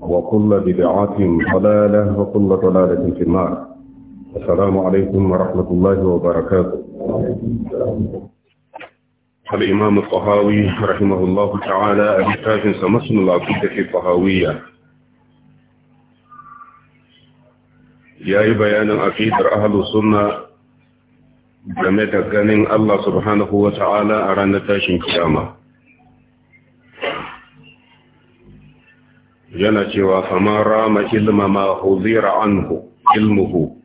وكل بدعة ضلالة وكل ضلالة في النار السلام عليكم ورحمة الله وبركاته الإمام الطهاوي رحمه الله تعالى أبي بكتاب سمسن العقيدة الطهاوية يا بيان العقيدة أهل السنة game da الله سبحانه وتعالى أرانا ta'ala كيامه yana cewa faman rama ilma ma huzira anhu ilmuhu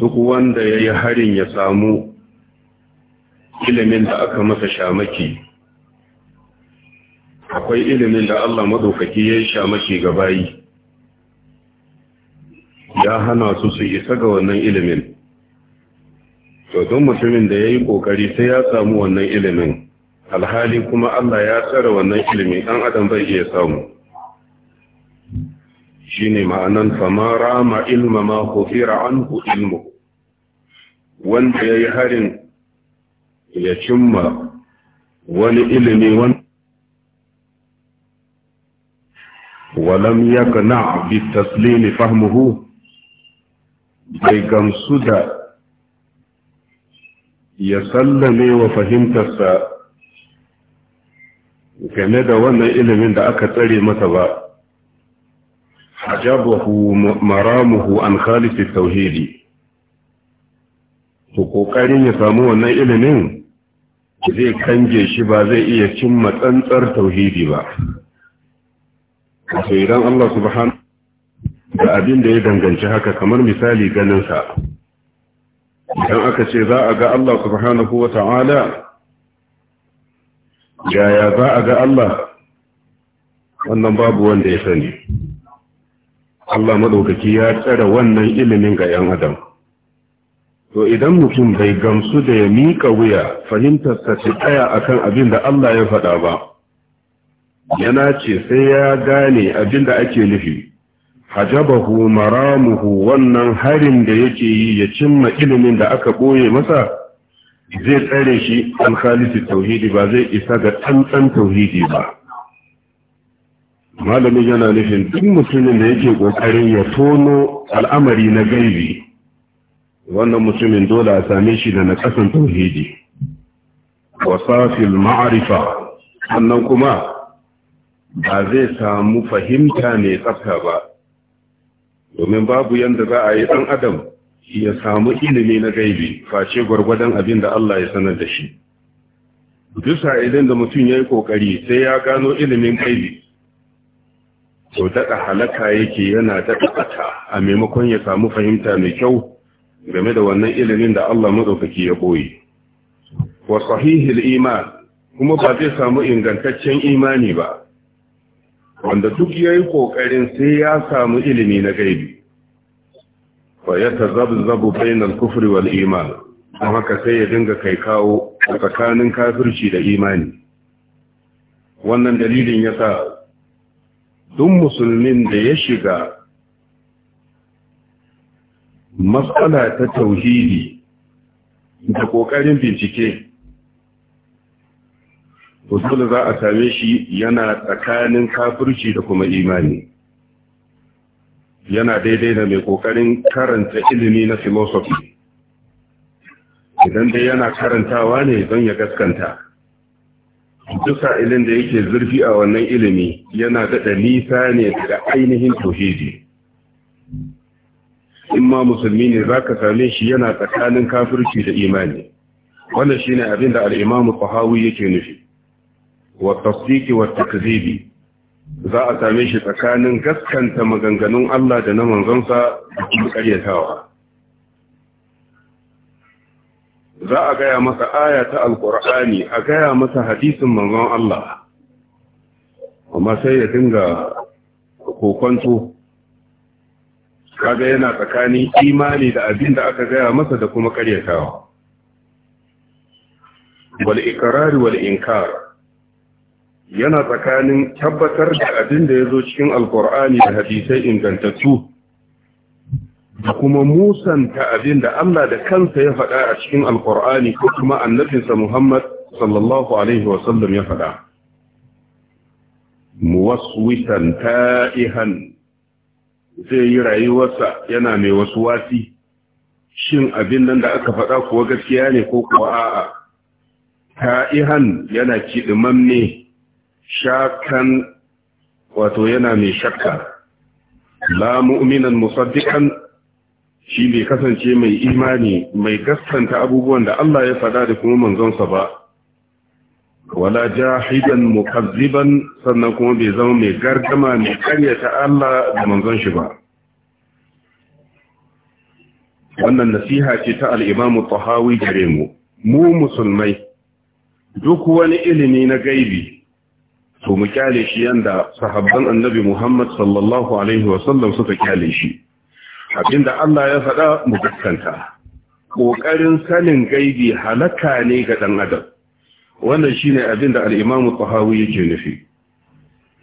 duk wanda ya yi harin ya samu ilimin da aka masa shamaki akwai ilimin da Allah madaukaki ya yi shamaki ga bayi ya hana su su isa ga wannan ilimin to don mutumin da ya yi ƙoƙari sai ya samu wannan ilimin alhali kuma Allah ya tsara wannan ilimin ɗan adam zai iya samu shine ma'anan fama rama ilma ma kufira anhu ilmu wanda ya yi harin ya cimma wani ilimi wani walam yakna bi taslimi fahmuhu bai gamsu da ya sallame wa fahimtarsa game da wannan ilimin da aka tsare masa ba ajabahu maramuhu an khalisi tauhidi to kokarin ya samu wannan ilimin zai kange shi ba zai iya cimma tsantsar tauhidi ba wato idan Allah subhanahu da abin da ya danganci haka kamar misali ganinsa idan aka ce za a ga Allah subhanahu wa ta'ala yaya za a ga Allah wannan babu wanda ya sani Allah madaukaki ya tsara wannan ilimin ga ‘yan adam. To idan mutum bai gamsu da ya miƙa wuya fahimtar fahimtarsa ce tsaya akan abin da Allah ya faɗa ba, yana ce sai ya gane abin da ake nufi, hajabahu maramuhu wannan harin da yake yi ya cimma ilimin da aka ɓoye masa zai tsare shi an khalisi tauhidi ba zai isa ga tantan tauhidi ba. malamin yana nufin duk mutumin da yake kokarin ya tono al'amari na gaibi wannan mutumin dole a same shi da nakasan tauhidi wasafil ma'arifa sannan kuma ba zai samu fahimta mai tsafta ba domin babu yadda za a yi ɗan adam ya samu ilimi na gaibi face gwargwadon abin da Allah ya sanar da shi bisa idan da mutum ya yi ƙoƙari sai ya gano ilimin gaibi to daɗa halaka yake yana daɗa ɓata a maimakon ya samu fahimta mai kyau game da wannan ilimin da Allah maɗaukaki ya ɓoye. Wa sahihil iman kuma ba zai samu ingantaccen imani ba, wanda duk ya yi ƙoƙarin sai ya samu ilimi na gaibi. Wa ya ta zabu bainal kufri wal iman, don haka sai ya dinga kai kawo tsakanin kafirci da imani. Wannan dalilin ya sa duk musulmin da ya shiga matsala ta tauhidi da ƙoƙarin bincike wasu za a same shi yana tsakanin kafirci da kuma imani yana daidai da mai ƙoƙarin karanta ilimi na filosofi idan dai yana karantawa ne don ya gaskanta Duka ilin da yake zurfi a wannan ilimi yana daɗa nisa ne daga ainihin tauhidi in ma musulmi ne za ka same shi yana tsakanin kafirci da imani wannan shine abin da al'imamu fahawi yake nufi wa tasdiki wa takzibi za a same shi tsakanin gaskanta maganganun Allah da na manzonsa da kuma ƙaryatawa za a gaya masa aya ta alkur'ani a gaya masa hadisin manzon Allah amma sai ya dinga kokonto kaga yana tsakanin imani da abin da aka gaya masa da kuma ƙaryatawa wal ikrari wal inkar yana tsakanin tabbatar da abin da yazo cikin alkur'ani da hadisai ingantattu da kuma musanta abin da Allah da kansa ya faɗa a cikin alkur'ani ko kuma annabinsa Muhammad sallallahu alaihi sallam, ya faɗa muwaswisan ta'ihan zai yi rayuwarsa yana mai wasu wasi shin abin nan da aka faɗa kuwa gaskiya ne ko kuwa a'a ta'ihan yana kiɗimamme shakan wato yana mai shakka la mu'minan musaddikan shi bai kasance mai imani mai gaskanta abubuwan da Allah ya faɗa da kuma manzonsa ba wala jahidan mukazziban sannan kuma bai zama mai gargama mai karyata Allah da manzon shi ba wannan nasiha ce ta al-Imam Tahawi gare mu mu musulmai duk wani ilimi na gaibi to mu kyale shi yanda sahabban Annabi Muhammad sallallahu alaihi wasallam suka kyale shi abinda Allah ya faɗa mu gaskanta ƙoƙarin sanin gaibi halaka ne ga ɗan adam wannan shine abinda al-Imam Tahawi yake nufi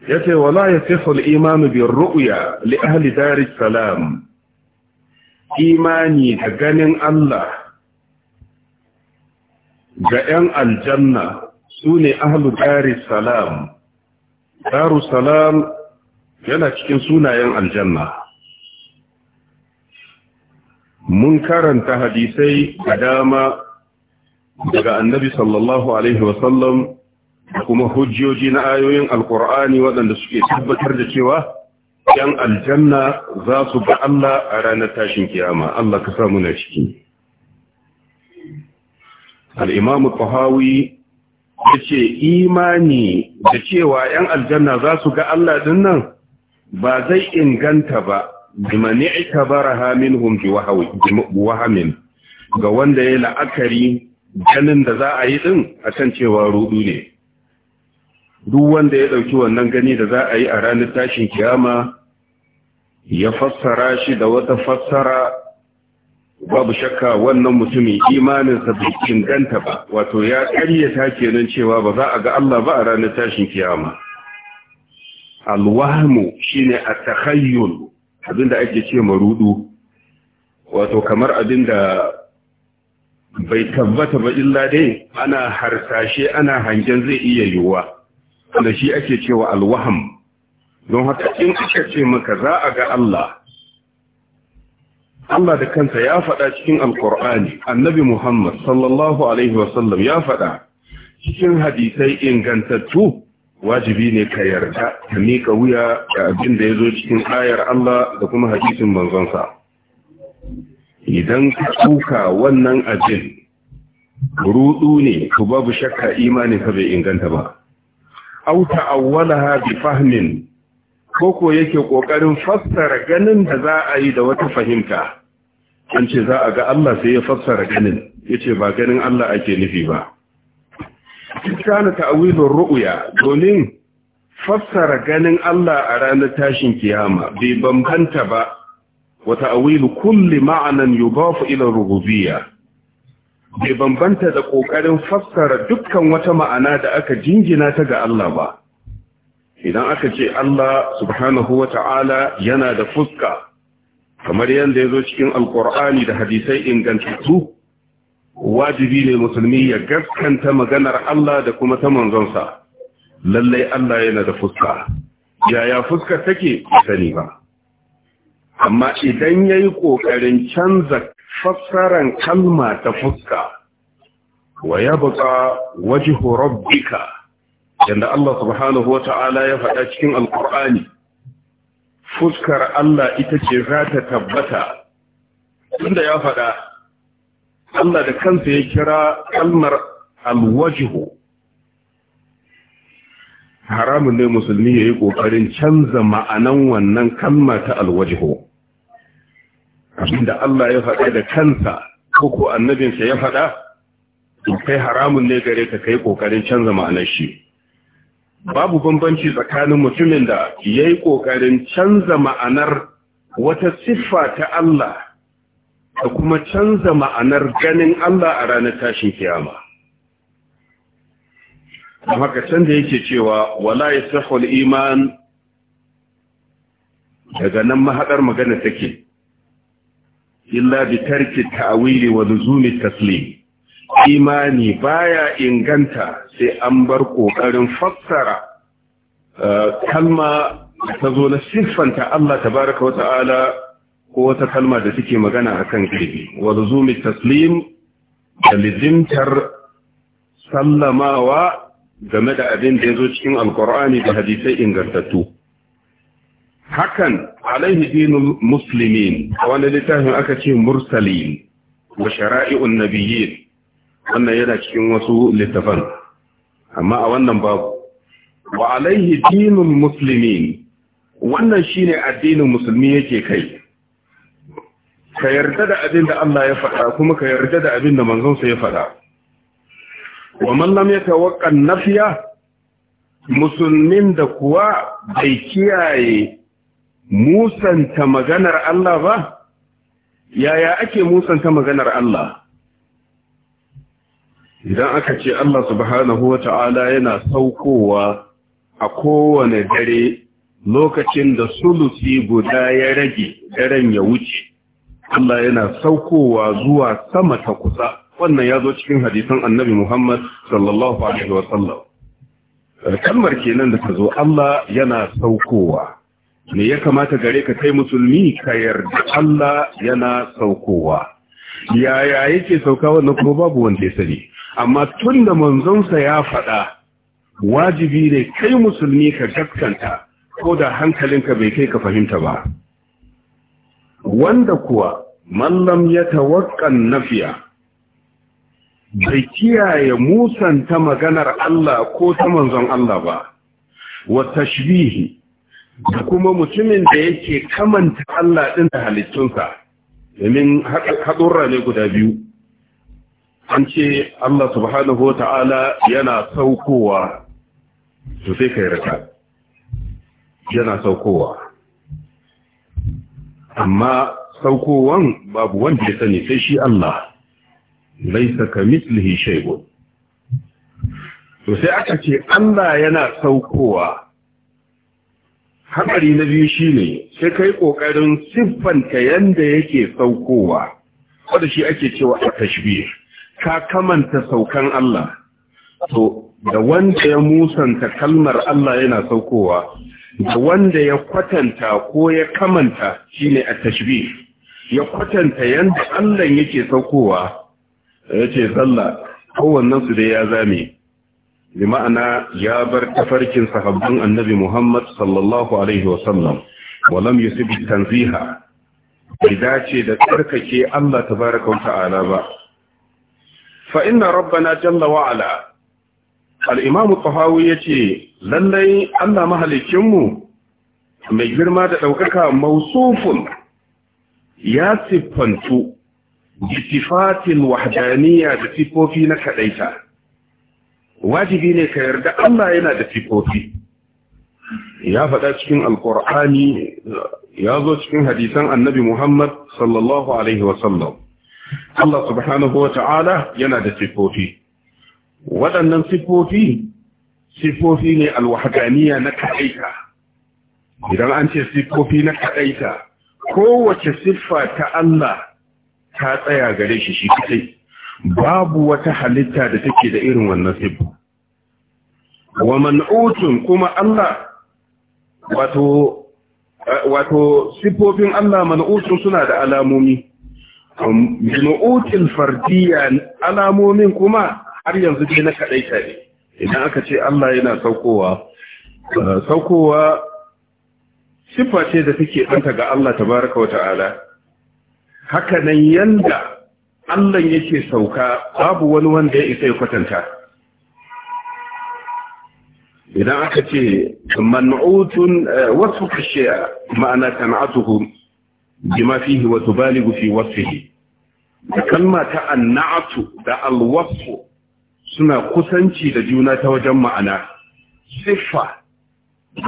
yace wala yasihu al-iman bi ru'ya li ahli dar salam imani da ganin Allah ga 'yan aljanna su ne ahlu salam daru salam yana cikin sunayen aljanna mun karanta hadisai da dama daga annabi sallallahu alaihi wasallam kuma hujjoji na ayoyin alkur'ani waɗanda suke tabbatar da cewa ‘yan aljanna za su ga Allah a ranar tashin kiyama Allah ka samu na ciki al'imamu tahawi ya ce imani da cewa ‘yan aljanna za su ga Allah din ba zai inganta ba biman i'tabaraha minhum bi wahamin ga wanda yayi la'akari ganin da za a yi din akan cewa rudu ne duk wanda ya dauki wannan gani da za a yi a ranar tashin kiyama ya fassara shi da wata fassara babu shakka wannan mutumin imaninsa bai ganta ba wato ya karyata kenan cewa ba za a ga Allah ba a ranar tashin kiyama alwahmu shine at-takhayyul abin da ake ce marudu wato kamar abin da bai tabbata ba illa dai ana harsashe ana hangen zai iya yiwuwa wanda shi ake cewa alwaham don haka in aka ce maka za a ga Allah Allah da kansa ya faɗa cikin alkur'ani annabi Muhammad sallallahu alaihi wasallam ya faɗa cikin hadisai ingantattu wajibi ne ka yarda ka mika wuya ga abin da ya zo cikin ayar Allah da kuma hadisin manzonsa idan ka tuka wannan abin rudu ne to babu shakka imani ka bai inganta ba aw ta'awwalaha bi fahmin koko yake kokarin fassara ganin da za a yi da wata fahimta an ce za a ga Allah sai ya fassara ganin yace ba ganin Allah ake nufi ba kana ta'awilur ru'ya domin fassara ganin Allah a ranar tashin kiyama bai bambanta ba wa ta'awilu kulli ma'anan yudafu ila rububiyya bai bambanta da kokarin fassara dukkan wata ma'ana da aka jingina ta ga Allah ba idan aka ce Allah subhanahu wata'ala yana da fuska kamar yanda zo cikin alkur'ani da hadisai ingantattu wajibi ne musulmi ya gaskanta maganar Allah da kuma ta manzonsa lallai Allah yana da fuska yaya fuska take sani ba amma idan yayi kokarin canza fassaran kalma ta fuska wa ya yabqa wajhu rabbika yanda Allah subhanahu ta'ala ya faɗa cikin alqur'ani fuskar Allah ita ce za ta tabbata tunda ya faɗa Allah da kansa ya kira kalmar alwajihu haramun ne musulmi ya yi ƙoƙarin canza ma'anan wannan kalma ta alwajihu abinda Allah ya faɗa da kansa ko ko annabinsa ya faɗa kai haramun ne gare ka kai ƙoƙarin canza ma'anar shi babu bambanci tsakanin mutumin da ya yi ƙoƙarin canza ma'anar wata siffa ta Allah da kuma canza ma'anar ganin Allah a ranar tashin kiyama. Da haka can da yake cewa wala ya sahul iman daga nan mahaɗar magana take, illa bi tarki ta'awili wa luzumi taslim. Imani baya inganta sai an bar ƙoƙarin fassara eh, kalma ta zo na siffanta Allah tabaraka wa ta'ala ko wata kalma da suke magana a kan gaibi wa taslim da lizimtar sallamawa game da abin da ya zo cikin alkur'ani da hadisai ingantattu hakan alaihi dinul muslimin a wani littafin aka ce mursalin wa shara'i'un nabiyyin wannan yana cikin wasu littafan amma a wannan babu wa alaihi dinul muslimin wannan shine addinin musulmi yake kai ka yarda da abin da Allah ya faɗa kuma ka yarda da abin da manzonsa ya faɗa wa man lam yatawaqqa nafiya musulmin da kuwa bai kiyaye musanta maganar Allah ba yaya ake musanta maganar Allah idan aka ce Allah subhanahu wata'ala yana saukowa a kowane dare lokacin da sulusi guda ya rage daren ya wuce Allah yana saukowa zuwa sama ta kusa wannan ya zo cikin hadisan annabi Muhammad sallallahu alaihi wasallam eh, kalmar kenan da ta zo Allah yana saukowa me ya kamata gare ka kai musulmi ka yarda Allah yana saukowa yaya yake sauka wannan kuma babu wanda ya sani amma tun da manzonsa ya faɗa wajibi ne kai musulmi ka gaskanta ko da hankalinka bai kai ka fahimta ba wanda kuwa mallam ya tawakkan nafiya bai kiyaye musan ta maganar Allah ko ta manzon Allah ba wa tashbih kuma mutumin da yake kamanta Allah din da halittunsa domin hadurra ne guda biyu an ce Allah subhanahu wata'ala ta'ala yana saukowa to sai kai raka yana saukowa amma saukowan babu wanda ya sani sai shi Allah laisa ka mislihi shay'un to sai aka ce Allah yana saukowa haɗari na biyu shine sai kai ƙoƙarin siffanta yanda yake saukowa wanda shi ake cewa a tashbih ka kamanta saukan Allah to da wanda ya musanta kalmar Allah yana saukowa da wanda ya kwatanta ko ya kamanta shine a tashbih ya kwatanta yanda Allah yake saukowa yace sallah kowannen su dai ya zame bi ma'ana ya bar tafarkin sahabban annabi Muhammad sallallahu alaihi wasallam walam yusib tanziha bai dace da tsarkake Allah tabaraka wa ta'ala ba fa inna rabbana jalla wa ala al-imam tahawi yace lallai Allah mahalikin mu mai girma da daukaka mausufun ya siffantu bisifatin wahdaniya da sifofi na kadaita wajibi ne ka yarda Allah yana da sifofi ya faɗa cikin alkur'ani ya zo cikin hadisan annabi Muhammad sallallahu alaihi wasallam Allah subhanahu wa ta'ala yana da sifofi waɗannan sifofi sifofi ne alwahdaniya na kadaita idan an ce sifofi na kadaita kowace siffa ta Allah ta tsaya gare shi shi kai babu wata halitta da take da irin wannan siffa wa man'utun kuma Allah wato wato sifofin Allah man'utun suna da alamomi man'utul fardiyya alamomin kuma har yanzu dai na kadaita ne idan aka ce Allah yana saukowa saukowa siffa ce da take ɗanta ga Allah tabaraka wa ta'ala haka nan yanda Allah yake sauka babu wani wanda ya isa ya kwatanta idan aka ce man'utun eh, wasu kashiya ma'ana kan'atuhu bima fihi wa tubaligu fi wasfihi kalma ta annatu da alwasfu suna kusanci da juna ta wajen ma'ana siffa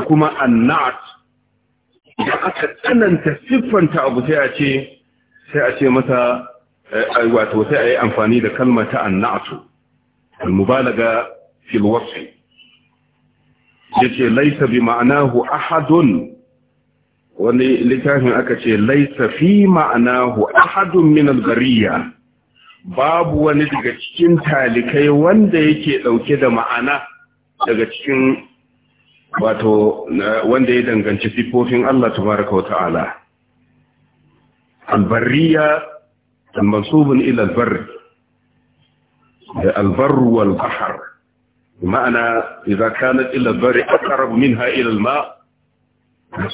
kuma annat idan aka tsananta siffanta abu sai a ce sai a ce mata eh, wato sai a yi amfani da kalmar ta annatu al-mubalaga fil wasfi yace laisa bi ma'anahu ahadun wani littafin aka ce laisa fi ma'anahu ahadun min al-bariya babu wani daga cikin talikai wanda yake dauke da ma'ana daga cikin wato wanda ya danganci siffofin Allah tabaraka wa ta'ala albarriya mansubun ila albarri da albarru wal bahar ma'ana idza kanat ila albarri aqrab minha ila alma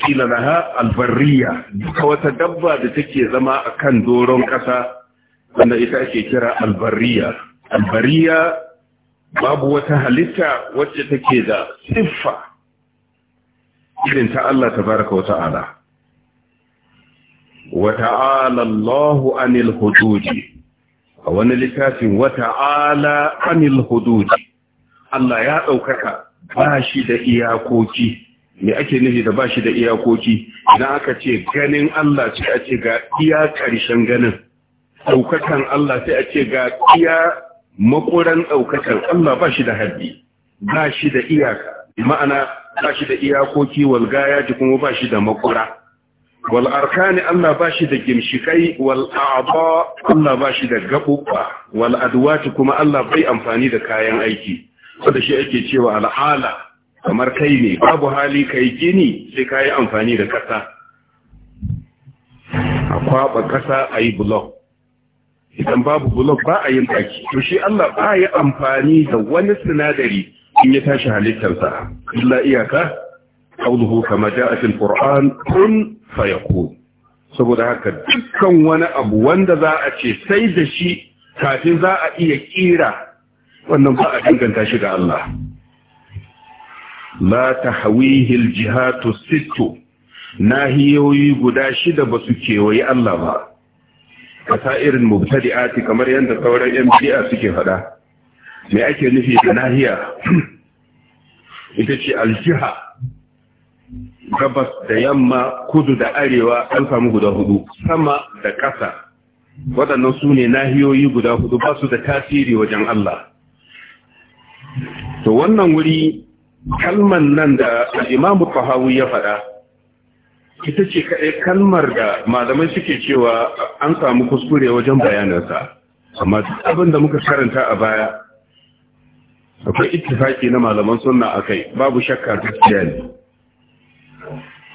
qila laha albarriya duka wata dabba da take zama akan doron kasa wanda ita ake kira albarriya albarriya babu wata halitta wacce take da siffa irin ta Allah ta wa ta'ala wa ta'ala Allahu anil hududi a wani littafin wa ta'ala anil hududi Allah ya ɗaukaka ba shi da iyakoki me ake nufi da ba shi da iyakoki idan aka ce ganin Allah sai a ce ga iya ƙarshen ganin ɗaukakan Allah sai a ce ga iya makoran ɗaukakan Allah ba shi da haddi ba shi da iyaka ma'ana ba shi da iyakoki wal gayaji kuma ba shi da makwara wal arkani Allah ba shi da gimshikai wal a'ba Allah ba shi da gabubba wal adwati kuma Allah bai amfani da kayan aiki wanda shi ake cewa al'ala kamar kai ne babu hali kai gini sai kai amfani da kasa a kwaba kasa ayi block idan babu block ba a yin taki to shi Allah ba ya amfani da wani sinadari in ya tashi halittarsa illa iyaka qawluhu kama ja'a qur'an kun fayakun saboda haka dukkan wani abu wanda za a ce sai da shi kafin za a iya kira wannan ba a danganta shi ga Allah la tahwihi al jihatu sittu nahiyoyi guda shida ba su kewaye Allah ba kasairin mubtadi'ati kamar yadda sauran yan bid'a suke fada me ake nufi da nahiya ita ce aljiha gabas da yamma kudu da arewa an samu guda hudu sama da ƙasa waɗannan su ne nahiyoyi guda hudu ba su da tasiri wajen Allah to wannan wuri kalman nan da imamu fahawu ya faɗa ita ce kaɗai kalmar da malamai suke cewa an samu kuskure wajen bayanansa amma abin da muka karanta a baya akwai ittifaki na malaman sunna akai babu shakka gaskiya ne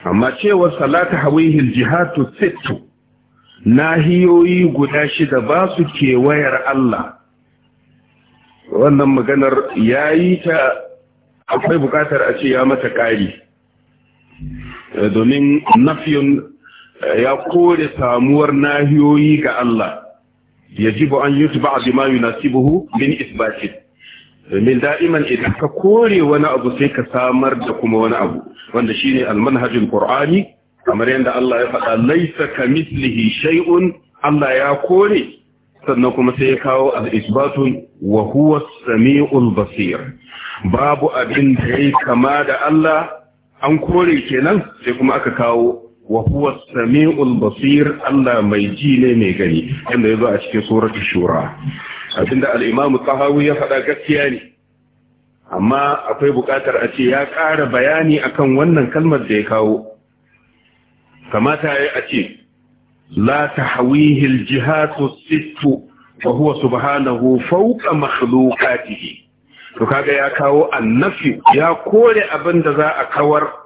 amma cewa Salatu hawaihi jihatu sittu nahiyoyi guda shida ba su kewayar Allah wannan maganar yayi ta akwai bukatar a ce ya mata kari eh, domin nafiyun eh, ya kore samuwar nahiyoyi ga Allah yajibu an yutuba bima yunasibuhu bin isbatin domin da'iman idan ka kore wani abu sai ka samar da kuma wani abu wanda shine almanhajin qur'ani kamar yadda Allah ya faɗa laisa mislihi shay'un Allah ya kore sannan kuma sai ya kawo al-isbatun wa huwa samiul basir babu abin da ya kama da Allah an kore kenan sai kuma aka kawo wa huwa sami'ul basir Allah mai ji ne mai gani yanda yazo a cikin suratul shura abinda al-imam tahawi ya faɗa gaskiya ne amma akwai buƙatar a ce ya ƙara bayani akan wannan kalmar da ya kawo kamata ya a ce la tahwihi al-jihatu sittu wa huwa subhanahu fawqa makhluqatihi to kaga ya kawo annafi ya kore abinda za a kawar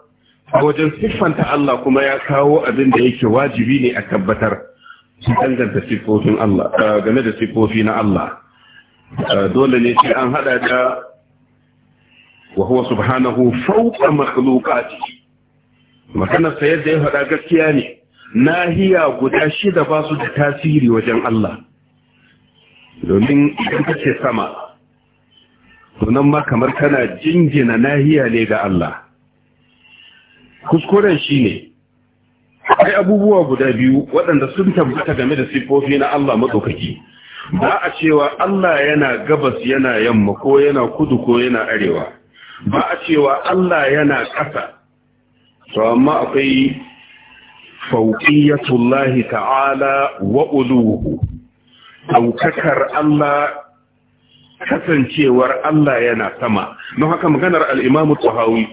a wajen siffanta Allah kuma ya kawo abin da yake wajibi ne a tabbatar su danganta siffofin Allah game da siffofi na Allah dole ne sai an hada da wa huwa subhanahu fawqa makhluqati maganar yadda ya faɗa gaskiya ne nahiya guda shida ba su da tasiri wajen Allah domin idan kace sama to ma kamar kana jingina nahiya ne ga Allah kuskuren shi ne akwai abubuwa guda biyu waɗanda sun tabbata game da siffofi na Allah matsaukaki ba a cewa Allah yana gabas yana yamma ko yana kudu ko yana arewa ba a cewa Allah yana ƙasa to amma akwai fauqiyatullahi ta'ala wa uluhu daukakar Allah kasancewar Allah yana sama don haka maganar al-Imam Tahawi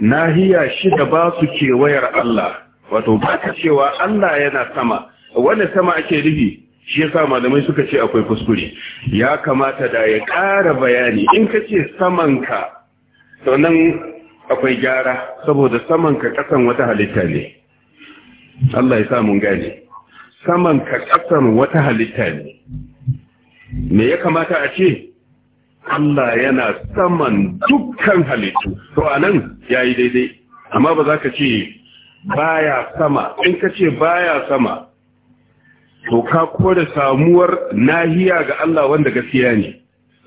nahiya shida ba su kewayar Allah wato ba ka cewa Allah yana sama wanda sama ake rigi shi yasa malamai suka ce akwai kuskure ya kamata da ya ƙara bayani in ka ce samanka sannan akwai gyara saboda samanka ƙasan wata halitta ne Allah ya sa mun gane samanka ƙasan wata halitta ne me ya kamata a ce Allah yana saman dukkan halittu to a nan ya yi daidai amma ba za ka ce baya sama in ka ce baya sama to ka kore samuwar nahiya ga Allah wanda gaskiya ne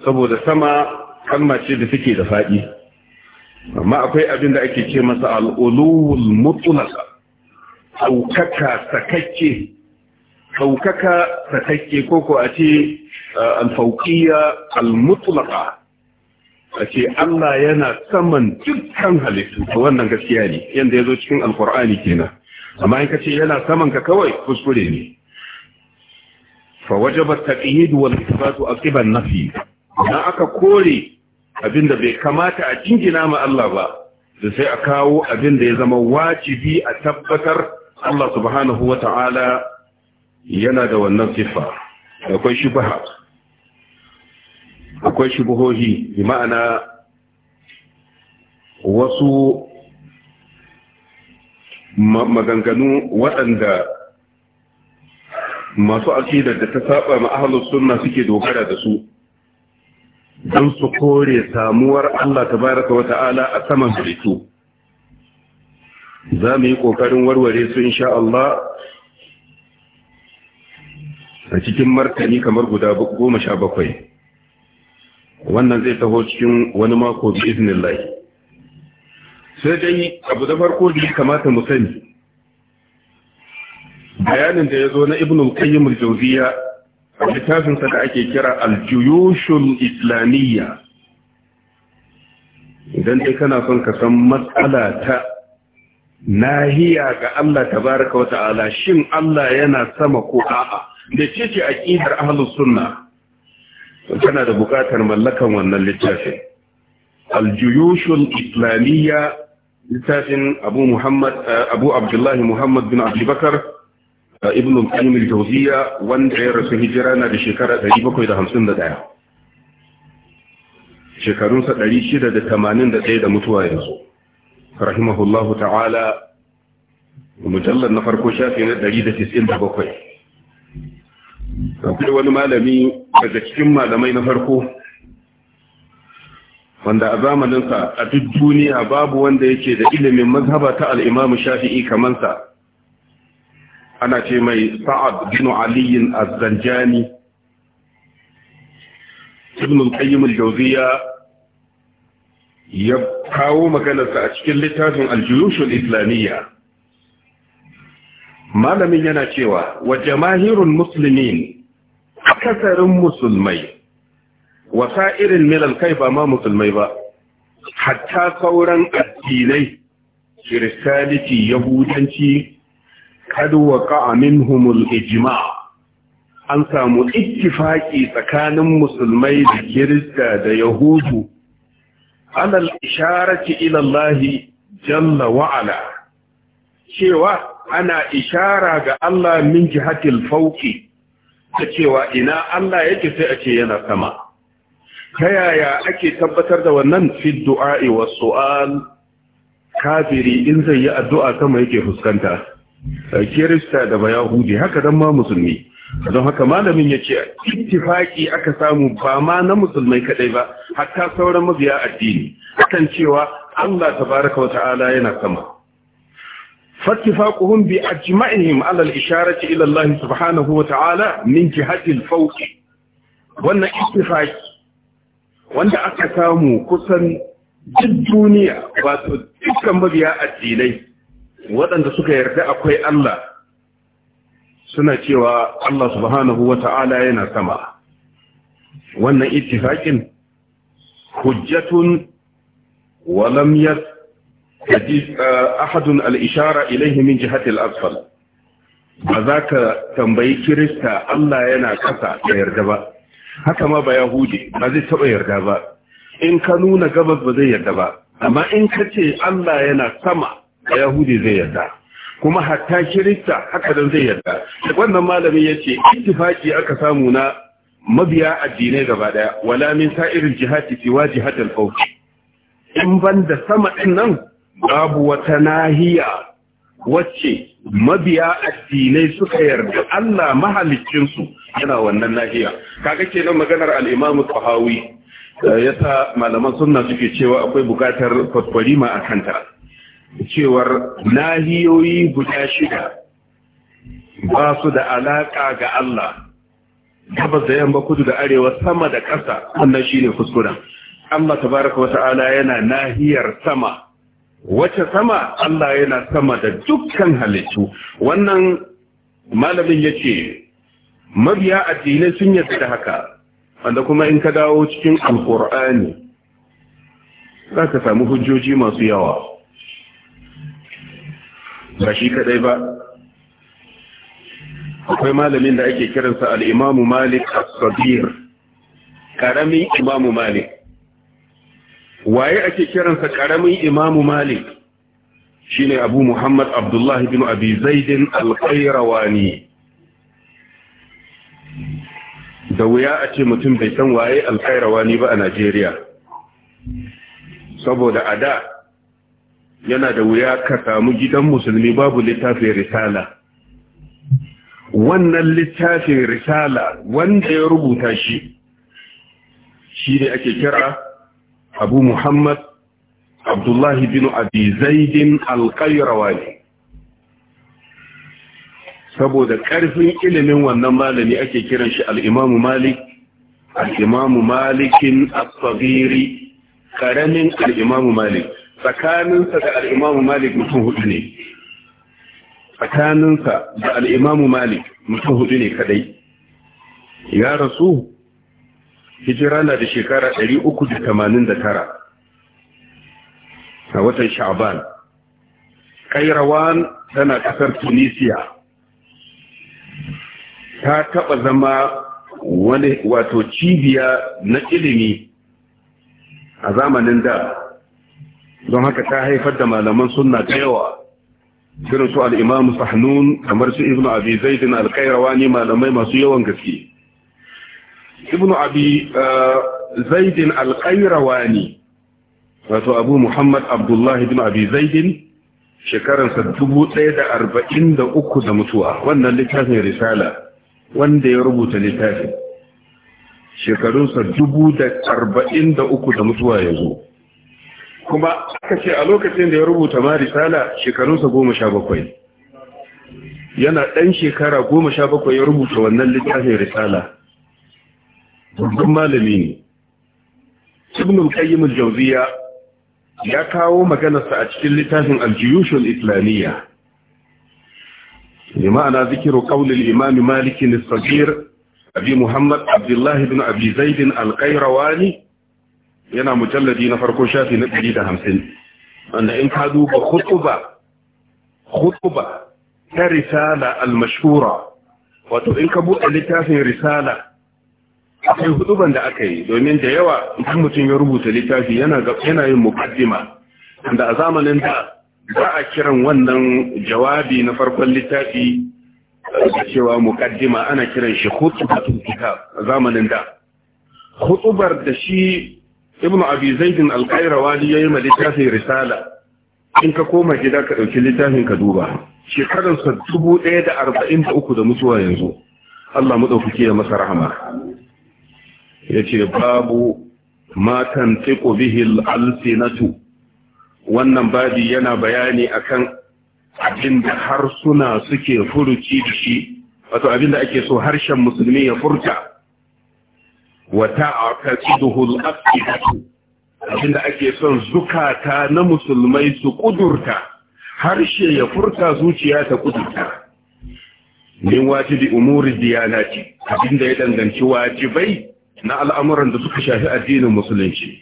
saboda sama kalma ce da suke da faɗi amma akwai abin da ake ce masa al'uluwul mutunasa, saukaka sakakke saukaka sakakke koko a ce alfauƙiya almutlaka a ce Allah yana saman dukkan halittu ta wannan gaskiya ne yadda ya zo cikin alkur'ani kenan amma in ka ce yana saman ka kawai kuskure ne fa wajaba taqyid wal isbatu aqiban nafi Na aka kore abinda bai kamata a jingina ma Allah ba da sai a kawo abin da ya zama wajibi a tabbatar Allah subhanahu wa ta'ala yana da wannan siffa akwai shubaha akwai shubuhohi bi ma'ana wasu maganganu waɗanda masu aƙidar da ta saba ma'ahalar sunna suke dogara da su don su kore samuwar Allah ta baraka wa ta'ala a saman halittu za mu yi ƙoƙarin warware su insha Allah a cikin martani kamar guda goma sha bakwai wannan zai taho cikin wani mako bi iznillah sai dai abu da farko da kamata mu sani bayanin da ya zo na ibnu qayyim al-jawziya a littafin sa da ake kira al-juyushul islamiyya idan dai kana son ka san matsala ta nahiya ga Allah tabaraka wa ta'ala shin Allah yana sama ko a'a da ce ce aqidar ahlus sunna kana da buƙatar mallakan wannan littafin aljuyushul islamiyya littafin abu muhammad eh, abu abdullahi muhammad bin abubakar eh, ibn qayyim al-jawziyya wanda ya rasu hijira na da shekara 751 shekarunsa 681 da mutuwa yanzu rahimahullahu ta'ala mujallar na farko shafi na 197 akwai wani malami daga cikin malamai na farko wanda a zamaninsa a duk duniya babu wanda yake da ilimin mazhaba ta al'imamu shafi'i sa. ana ce mai sa'ad bin aliyin azzanjani ibn al-qayyim al-jawziya ya kawo maganarsa a cikin littafin al islamiyya malamin yana cewa wa jamahirun muslimin kasarin musulmai wasa'irin milal kai ba ma musulmai ba hatta sauran addinai kiristaniti yahudanci kad waqa'a minhumul ijma' an samu ittifaki tsakanin musulmai da kirista da yahudu alal isharati ilallahi jalla wa'ala. cewa ana ishara ga Allah min jihatil fauki ta cewa ina Allah yake sai a ce yana sama ta yaya ake tabbatar da wannan fi du'a'i wa su'al kafiri in zai yi addu'a sama yake fuskanta kirista da bayahudi haka dan ma musulmi don haka malamin ya ce ittifaki aka samu ba ma na musulmai kadai ba hatta sauran mabiya addini akan cewa Allah tabaraka wa ta'ala yana sama فاتفاقهم بأجمعهم على الإشارة إلى الله سبحانه وتعالى من جهة الفوق وأن اتفاق وأن أكتاموا كسن الدنيا وتتكم بها الديني وأن سكا يرجع أقوي الله سنة الله سبحانه وتعالى ينا سما وأن اتفاق حجة ولم يت Uh, ahadun al'ishara ilaihi min jihatil asfal ba za ka tambayi kirista Allah yana kasa da yarda ba haka ma ba yahudi ba zai taɓa yarda ba in ka nuna gabas ba zai yarda ba amma in ka ce Allah yana sama ba yahudi zai yarda kuma hatta kirista haka don zai yarda wannan malamin ya ce ittifaki aka samu na mabiya addinai gaba ɗaya. wala min sa'irin jihati siwa jihatil fawqi in banda sama din nan babu wata nahiya wacce mabiya addinai suka yarda Allah mahalicinsu yana wannan nahiya kaga kenan maganar al-Imam Tahawi eh, yasa malaman sunna suke cewa akwai bukatar kwaskwarima a ta cewar nahiyoyi guda shida ba su da alaka ga Allah gabas da yamma kudu da arewa sama da ƙasa wannan shine kuskuren Allah tabaraka wa ta'ala yana nahiyar sama wace sama Allah yana sama da dukkan halittu wannan malamin ya ce mabiya addinai sun yadda da haka wanda kuma in ka dawo cikin alkur'ani za ka samu hujjoji masu yawa ba shi kadai ba akwai malamin da ake kiransa al'imamu malik as-sabir karamin imamu malik waye ake kiransa karamin imamu malik shine abu muhammad abdullahi bin abi zaidin alkairawani da wuya a ce mutum bai san waye alkairawani ba a najeriya saboda a da yana da wuya ka samu gidan musulmi babu littafin risala wannan littafin risala wanda ya rubuta shi shi ne ake kira abu muhammad abdullahi bin abi zaidin alƙayrawani saboda ƙarfin ilimin wannan malami ake kiran shi al'imamu malik al'imamu malikin asabiri ƙaramin al'imamu malik tsakaninsa da al'imamu malik mutum hudu ne tsakaninsa da al'imamu malik mutum hudu ne kadai ya rasu hijira na da shekara 389 a watan Sha'aban. kairawan tana kasar tunisiya ta taɓa zama wani wato cibiya na ilimi a zamanin da don haka ta haifar da malaman sunna da yawa irin su al'imamu sahnun kamar su ibn abi zaidin ne malamai masu yawan gaske ibnu abi uh, zaidin alƙairawani wato abu muhammad abdullahi ibn abi zaidin shekaransa dubu ɗaya da arba'in da uku da mutuwa wannan littafin risala wanda ya rubuta littafin shekarunsa dubu da arba'in da uku da mutuwa ya zo kuma aka ce a lokacin da ya rubuta ma risala shekarunsa goma sha bakwai yana ɗan shekara goma sha bakwai ya rubuta wannan littafin risala ابن القيم الجوزية ibnul مكان al لتاهم الجيوش الإسلامية maganarsa أنا ذكر قول الإمام مالك الصغير أبي محمد عبد الله بن أبي زيد القيرواني ينا مجلدي نفرق شافي نبدي همسين أن إن كادوا بخطبة خطبة كرسالة المشهورة وإن كبوا لتاف رسالة akwai huduban da aka yi domin da yawa idan mutum ya rubuta littafi yana yin mukaddima da a zamanin da za a kiran wannan jawabi na farkon littafi eh, da cewa muqaddima ana kiran shi khutbatul kitab a zamanin da huɗubar da shi ibnu abi zaid al-qayrawali yayi ma littafin risala in ka koma gida ka ɗauki littafin ka duba shekarar sa 1043 da mutuwa yanzu Allah mu ya masa rahama yace babu matan tantiqu bihi alsinatu wannan babi yana bayani akan abinda harsuna suke furuci da shi wato abinda ake so harshen musulmi ya furta wa ta'aqiduhu al-afidatu abinda ake son zukata na musulmai su kudurta harshe ya furta zuciya ta kudurta min wajibi umuri diyanati abinda ya danganci wajibai na al'amuran da suka shafi addinin musulunci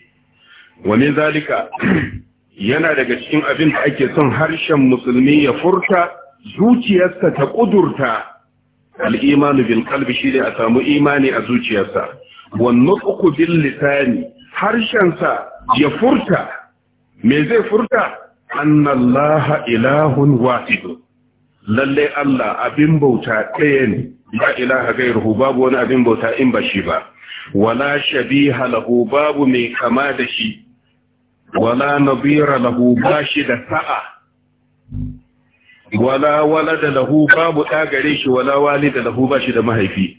wani zalika yana daga cikin abin da ake son harshen musulmi ya furta zuciyarsa ta ƙudurta al'imanu bil kalbi shi a samu imani a zuciyarsa wannan uku bil lisani harshensa ya furta me zai furta annallaha ilahun wasu. lalle Allah abin bauta ɗaya ne ba ilaha gairuhu babu wani abin bauta in ba shi ba wala shabiha lahu babu mai kama da shi wala nabira lahu bashi da sa'a wala da lahu babu ɗagare shi wala da lahu bashi da mahaifi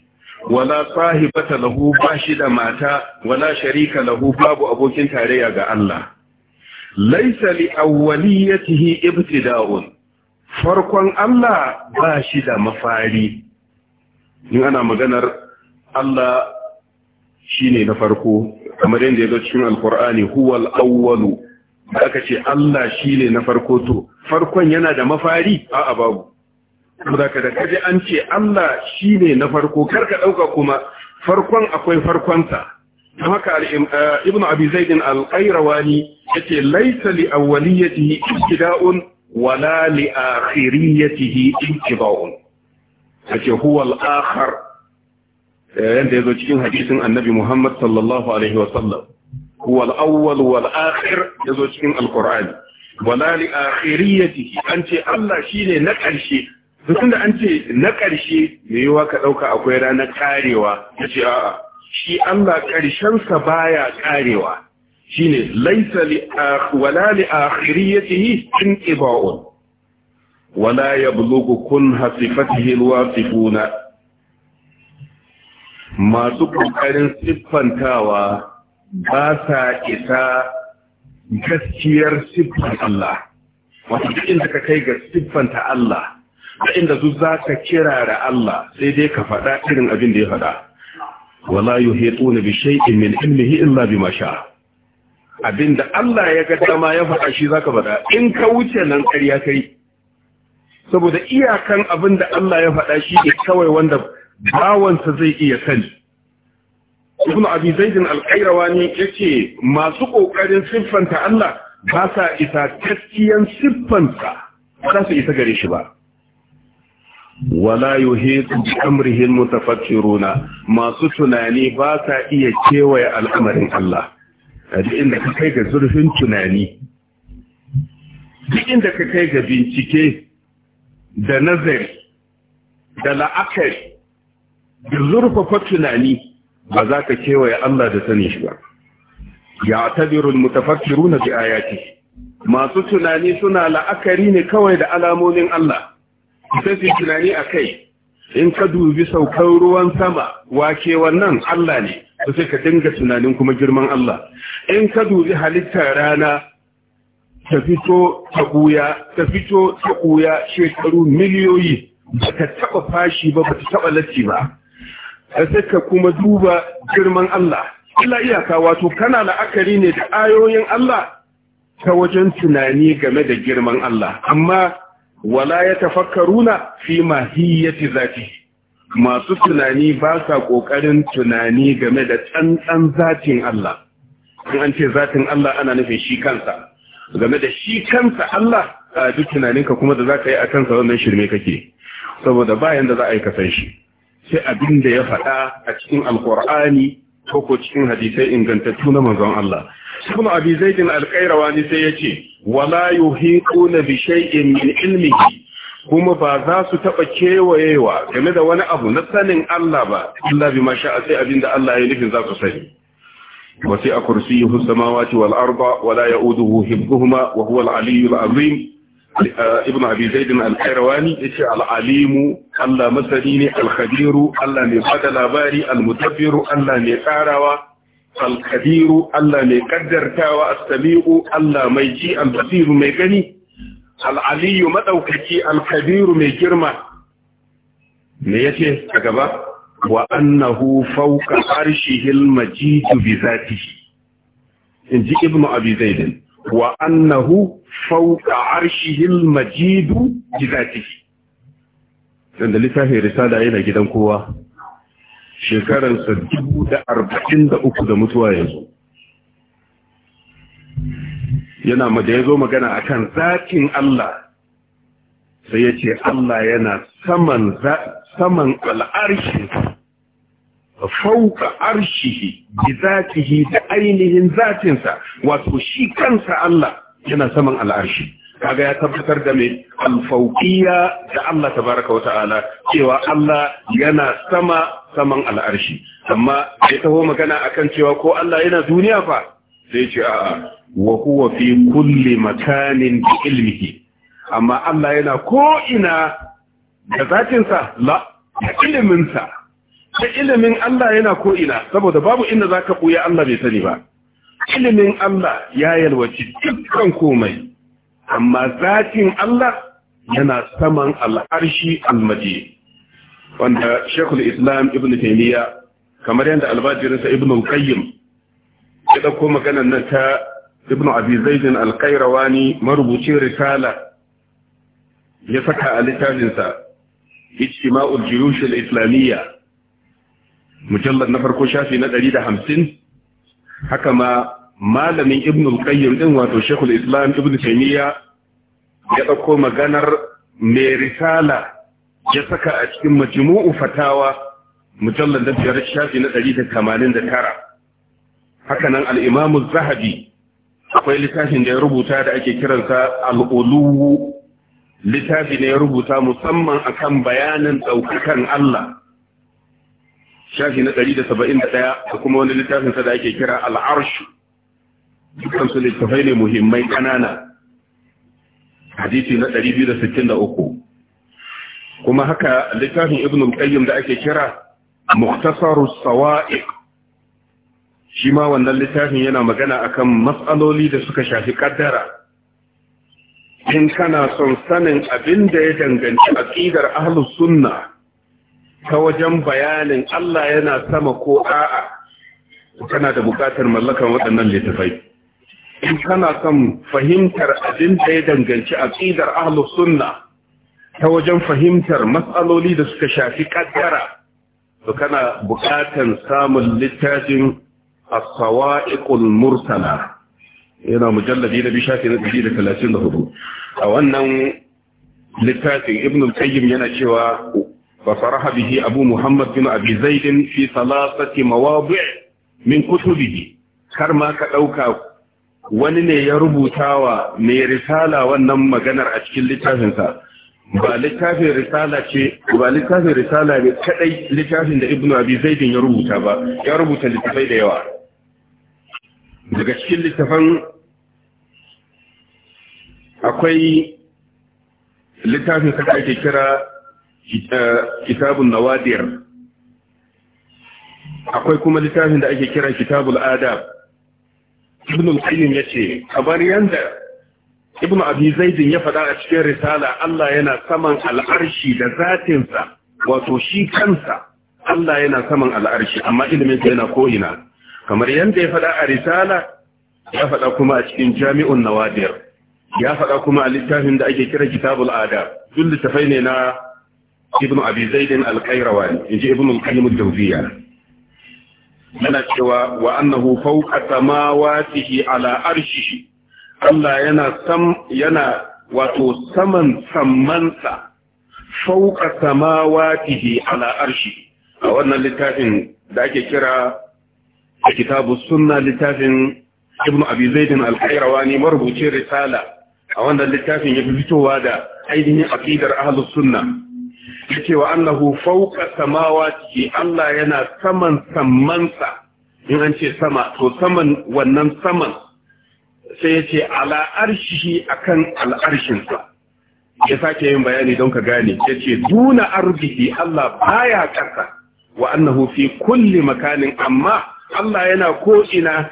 wala sahibata lahu bashi da mata wala sharika lahu babu abokin tarayya ga Allah laysa li awwaliyatihi ibtida'un farkon Allah ba shi da mafari in ana maganar Allah ne na farko kamar yadda ya zo cikin alkur'ani huwal awwalu da aka ce Allah ne na farko to farkon yana da mafari a'a babu saboda da kaje an ce Allah ne na farko karka dauka kuma farkon akwai farkonta haka eh, ibnu abi zaid al-qayrawani yace laysa li awwaliyatihi ibtida'un wala li akhiriyatihi ibtida'un yace huwa al akhar. yanda zo cikin hadisin annabi Muhammad sallallahu alaihi wa sallam huwa al-awwal wal akhir yazo cikin al-Qur'ani wala li jiki an ce Allah shi ne na ƙarshe da an ce na ƙarshe me yawa ka ɗauka akwai rana ƙarewa? Ya ce a'a shi Allah ƙarshen sa baya karewa shine laysa li wala li in inqiba'un wala yablughu kun hasifatihi al-wasifuna masu ƙoƙarin siffantawa ba sa isa gaskiyar siffan Allah wata duk inda ka kai ga siffanta Allah da inda su za ka kira da Allah sai dai ka faɗa irin abin da ya faɗa wala yuhituna bi shay'in min ilmihi illa bima sha da Allah ya ga dama ya faɗa shi ka faɗa in ka wuce nan ƙarya kai saboda iyakan abinda Allah ya faɗa shi ne kawai wanda bawansa zai iya sani ibn abi zaidin ya yace masu kokarin siffanta Allah ba sa isa tattiyan siffanta ba sa isa gare shi ba wala yuhitu bi amrihi al-mutafakkiruna masu tunani ba sa iya kewaye al'amarin Allah duk inda ka kai ga zurfin tunani duk inda ka kai ga bincike da nazari da la'akari da zurfafa tunani ba za ka kewaye Allah da sanin shi ba ya tabirul mutafakkiruna bi ayati masu tunani suna la'akari ne kawai da alamomin Allah sai su tunani kai. in ka dubi saukar ruwan sama wake wannan Allah ne to sai ka dinga tunanin kuma girman Allah in ka dubi halittar rana ta fito ta ɓuya ta fito ta ɓuya shekaru miliyoyi ba ta taɓa fashi ba ba ta taɓa latti ba sai ka kuma duba girman Allah illa iyaka wato kana la'akari ne da ayoyin Allah ta wajen tunani game da girman Allah amma wala ya tafakkaruna fi mahiyyati zati masu tunani ba sa ƙoƙarin tunani game da tsantsan zatin Allah in an ce zatin Allah ana nufin shi kansa game da shi kansa Allah a duk tunaninka kuma da za ka yi a kansa wannan shirme kake saboda bayan da za a yi kasan shi sai abin da ya faɗa a cikin alkur'ani ko ko cikin hadisai ingantattu na manzon Allah ibn abi zaid al-qayrawani sai yace wala yuhiquna bi shay'in min ilmihi kuma ba za su taɓa kewayewa game da wani abu na sanin Allah ba Allah bi ma sha'a sai abin da Allah ya nufin za su sani wasi a kursiyyu samawati wal arda wala ya'uduhu hibbuhuma wa huwa al-aliyyu azim ibn abi zaidin al-kairawani yace al-alimu Allah masani ne al-khabiru Allah mai bada labari al-mutabbiru Allah mai karawa al Allah mai kaddartawa as-sami'u Allah mai ji al-basiru mai gani al-aliyu madaukaki al mai girma me yace a gaba wa annahu fawqa arshihil majid bi zatihi inji ibn abi zaidin wa annahu fauka arshihil majidu bidatihi dan da littafin risala yana gidan kowa shekarar sa da mutuwa yanzu yana ma da yazo magana akan zakin Allah sai yace Allah yana saman saman fauka arshihi bi zatihi da ainihin zatinsa wato shi kansa Allah yana saman al'arshi kaga ya tabbatar da mai alfauqiya da Allah tabaraka wata'ala cewa Allah yana sama saman al'arshi amma ya taho magana akan cewa ko Allah yana duniya fa sai ce a'a wa huwa fi kulli makanin bi ilmihi amma Allah yana ko ina da zatinsa la da iliminsa ta ilimin Allah yana ko'ina saboda babu inda za ka ɓuya Allah bai sani ba ilimin Allah ya yalwaci dukkan komai amma zakin Allah yana saman al'arshi almaji wanda shekul islam ibn taimiyya kamar yadda albajirinsa ibn al-qayyim ya ɗauko maganar na ta ibn abizaidin al-kairawani marubucin risala ya saka a littafinsa ijtima'ul jiyush islamiyya mujallar na farko shafi na 150 haka ma malamin ibn al-qayyim din wato shekul islam ibn taymiya ya dauko maganar mai risala ya saka a cikin majmu'u fatawa mujallar da biyar shafi na 189 haka nan al-imam az-zahabi akwai littafin da ya rubuta da ake kiransa al-ulu littafi ne ya rubuta musamman akan bayanin daukakan Allah shafi na 171 da kuma wani littafin sa da ake kira al-arsh dukkan su littafai ne muhimmai ƙanana hadisi na uku, kuma haka littafin ibn qayyim da ake kira mukhtasaru sawa'iq shi ma wannan littafin yana magana akan matsaloli da suka shafi ƙaddara. in kana son sanin abin da ya danganci aqidar ahlus sunna ta wajen bayanin Allah yana sama ko a'a kana da bukatar mallakar waɗannan littafai in kana son fahimtar abin da ya danganci aqidar ahlus sunna ta wajen fahimtar matsaloli da suka shafi kaddara to kana buƙatar samun littafin as-sawa'iqul mursala yana mujalladi da bishafi na hudu. a wannan littafin ibn al-qayyim yana cewa فصرح به أبو محمد بن أبي زيد في ثلاثة مواضع من كتبه كرما كأوكا ونن يربو تاوى من رسالة ونم مغنر أشكل لتافنسا ba littafin risala ce ba littafin risala ne kadai littafin da ibnu abi zaidin ya rubuta ba ya rubuta littafai da yawa daga cikin littafan akwai littafin da ake kira kitabun nawadir akwai kuma littafin da ake kira kitabul adab ibn al-qayyim yace kamar yanda ibn abi zaid ya faɗa a cikin risala Allah yana saman al'arshi da zatinsa wato shi kansa Allah yana saman al'arshi amma ilimin sa yana ko'ina kamar yanda ya faɗa a risala ya faɗa kuma a cikin jami'un nawadir ya faɗa kuma a littafin da ake kira kitabul adab duk littafai ne na ibn abi zaidin al-qayrawani inji ibn al-qayyim al-jawziyya yana cewa wa annahu fawqa samawatihi ala arshihi Allah yana sam yana wato saman sammansa fauka samawatihi ala arshi a wannan littafin da ake kira a kitabu sunna littafin ibn abi zaidin al-qayrawani marubucin risala a wannan littafin ya fi fitowa da ainihin aqidar ahlus sunna yace wa annahu fawqa samawati Allah yana saman samansa in an ce sama to saman wannan saman sai yace ala arshihi akan al'arshinsa ya sake yin bayani don ka gane yace duna arziki Allah baya ƙasa wa annahu fi kulli makanin amma Allah yana ko ina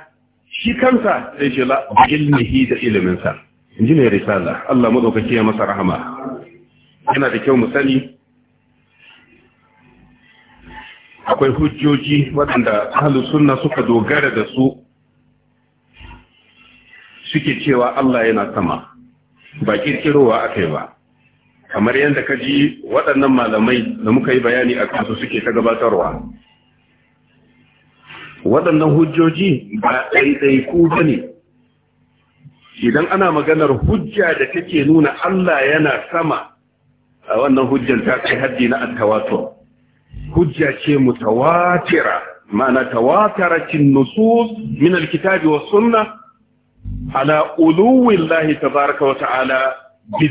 shi kansa sai ce la ilmihi da iliminsa inji ne risala Allah madaukake ya masa rahama yana da kyau mu sani akwai hujjoji waɗanda ahalus sunna suka dogara da su suke cewa Allah yana sama ba kirkirowa akai ba kamar yadda ka ji waɗannan malamai da muka yi bayani a kansu suke ta gabatarwa waɗannan hujjoji ba ɗaiɗaiku ba ne idan ana maganar hujja da take nuna Allah yana sama a wannan hujjan ta kai haddi na attawatur hujja ce mutawatira ma'ana tawataratin nusus min alkitabi wa sunna. ala uluwillahi tabaraka wa ta'ala bi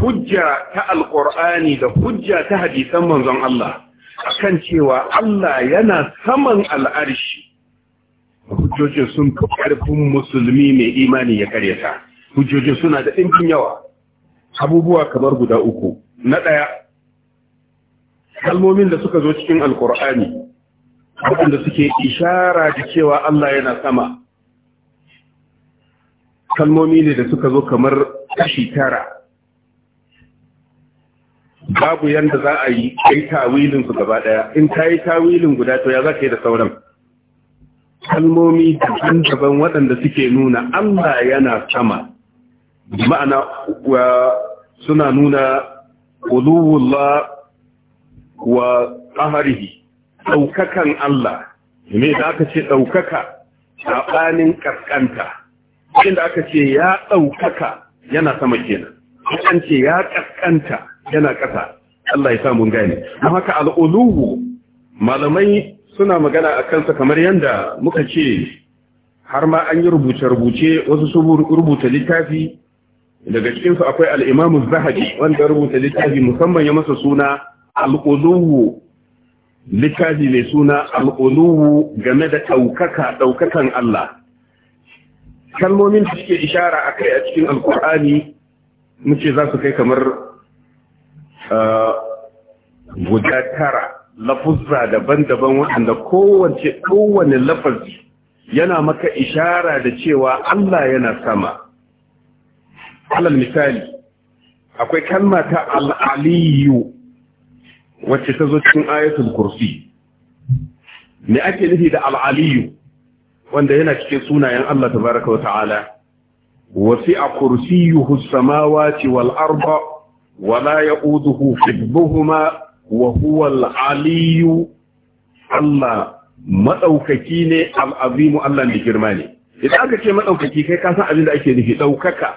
hujja ta alqur'ani da hujja ta hadisan manzon Allah akan cewa Allah yana saman al'arshi hujjojin sun fi musulmi mai imani ya karyata hujjojin suna da ɗimbin yawa abubuwa kamar guda uku na ɗaya kalmomin da suka zo cikin alkur'ani waɗanda suke ishara da cewa Allah yana sama kalmomi ne da suka zo kamar kashi tara babu yadda za a yi kai tawilin su gaba daya in ka yi tawilin guda to ya za ka yi da sauran kalmomi daban-daban waɗanda suke nuna Allah yana sama ma'ana suna nuna ƙuluwullah wa tsaharihi Ɗaukakan Allah ne da aka ce daukaka sabanin ƙasƙanta inda aka ce ya ɗaukaka, yana sama kenan an ce ya ƙasƙanta, yana ƙasa. Allah ya sa gani gane don haka al'uluhu malamai suna magana a kansa kamar yadda muka ce har ma an yi rubuce-rubuce wasu sun rubuta littafi daga cikinsu akwai al'imamu zahabi wanda rubuta littafi musamman ya masa suna al'uluwu littafi mai suna al'uluwu game da ɗaukaka ɗaukakan Allah kalmomin da suke ishara a kai a cikin alkur'ani muke za su kai kamar uh, guda tara lafuzza daban-daban waɗanda kowace kowane lafazi yana maka ishara da cewa Allah yana sama alal misali akwai kalma ta al'aliyu wacce ta zo cikin ayatul kursi me ake nufi da al'aliyu wanda yana cikin sunayen Allah tabaraka wa ta'ala wasi'a kursiyuhu samawati wal arda wa la ya'uduhu hibbuhuma wa huwa al-aliyyu Allah madaukaki ne al Allah ne girma ne idan aka ce madaukaki kai ka san abin da ake nufi daukaka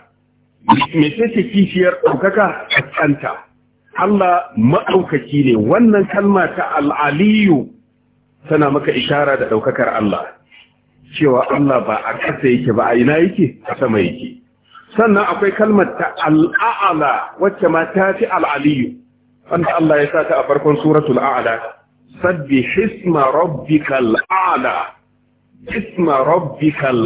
me ce kishiyar daukaka kaskanta Allah ma'aukaci ne wannan kalma ta al'aliyu tana maka ishara da ɗaukakar Allah cewa Allah ba a ƙasa yake ba a ina yake a sama yake sannan akwai kalmar ta al'a'ala wacce ma ta fi al'aliyu wanda Allah ya sa ta a farkon suratul a'ala sabbi hisma rabbikal a'ala hisma rabbikal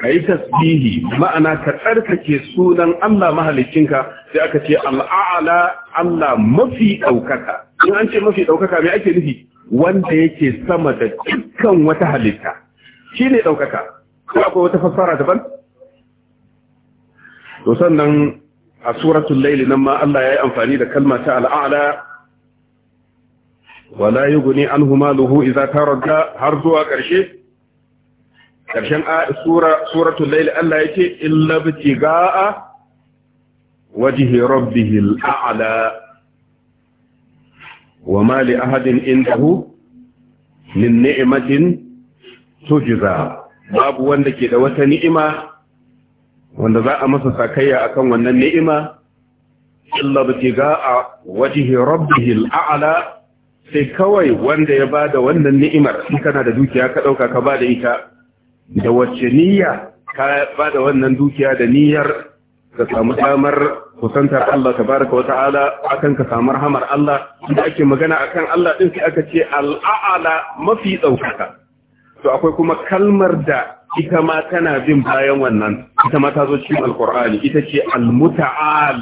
ka yi tasbihi ma'ana ka tsarkake sunan Allah mahalicinka sai aka ce al'a'ala Allah mafi ɗaukaka in an ce mafi ɗaukaka mai ake nufi wanda yake sama da dukkan wata halitta shi ne ɗaukaka ko akwai wata fassara daban to sannan a suratul laili nan ma Allah ya yi amfani da kalma ta al'a'ala wala yughni anhu maluhu idza taradda har zuwa ƙarshe karshen sura suratul layl Allah yace illa bitigaa wajhi rabbihil a'la وما Ahadin, عنده min ni'matin tujza babu wanda ke da wata ni'ima wanda za a masa sakayya akan wannan ni'ima illa bitiga a wajhi rabbihi al'ala sai kawai wanda ya ba da wannan ni'imar in kana da dukiya ka ɗauka ka ba da ita da wacce niyya ka ba da wannan dukiya da niyyar ka samu damar kusantar Allah tabaraka wa ta'ala akan ka samu rahamar Allah inda ake magana akan Allah din sai aka ce al'ala mafi daukaka to akwai kuma kalmar da ita ma tana bin bayan wannan ita ma ta zo cikin alqur'ani ita ce al-muta'al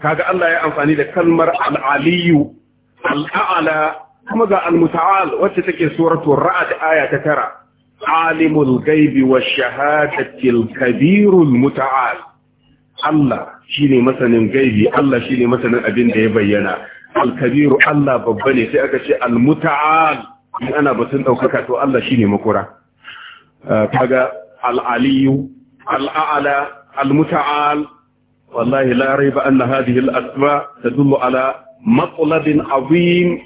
kaga Allah ya amfani da kalmar al-aliyu al-a'la kuma ga al-muta'al wacce take suratul ra'd aya ta tara alimul gaibi wa shahadatil kabirul muta'al Allah shine masanin gaibi Allah shine masanin abin da ya bayyana Alkabiru kabiru Allah babba ne sai aka ce al ana batun daukaka to Allah shine makura uh, kaga al-aliyu al-a'la al-muta'al wallahi la raiba anna hadhihi al-asma tadullu ala matlabin azim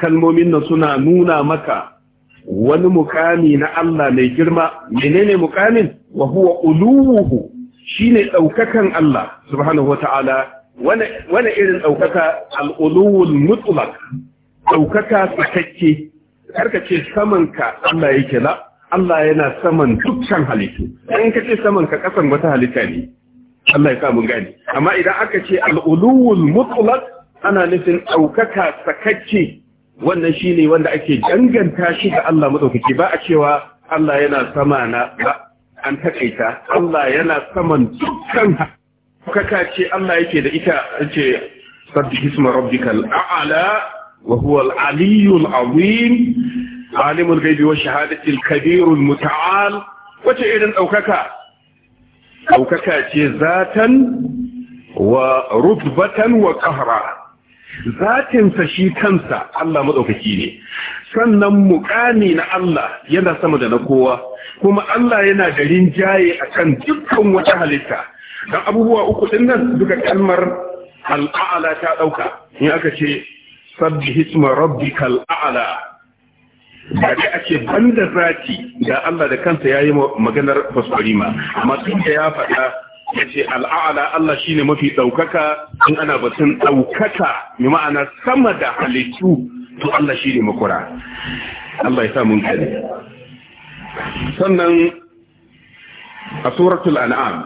kalmomin suna nuna maka wani mukami na Allah mai girma menene mukamin wa huwa uluhu shine daukakan Allah subhanahu wataala wani irin daukaka al-uluwul mutlaq daukaka sakakke karka ce saman ka Allah yake la Allah yana saman dukkan halittu in ka ce saman ka kasan wata halitta ne Allah ya sa mun gane amma idan aka ce al-uluwul mutlaq ana nufin daukaka sakakke wannan shine wanda ake danganta shi ga Allah madaukaki ba a cewa Allah yana sama na an takaita Allah yana saman dukkan kaka ce Allah yake da ita ce sabbi isma rabbikal a'la wa huwa al azim alimul ghaibi wa shahadati al-kabir mutaal wace irin daukaka daukaka ce zatan wa rutbatan wa qahra zatinsa shi kansa Allah maɗaukaki ne sannan mukami na Allah yana sama da na kowa kuma Allah yana da rinjaye a kan dukkan wata halitta don abubuwa uku ɗin nan duka kalmar al'a'ala ta ɗauka in aka ce sabbi hisma rabbi kal'a'ala da dai ake banda zati da Allah da kansa ya yi maganar fasfarima amma tun da ya faɗa Yace al'ada Allah shi ne mafi ɗaukaka in ana batun ɗaukaka mai ma'ana sama da halittu to Allah shi ne makura Allah ya sa mun kare sannan a suratul an'am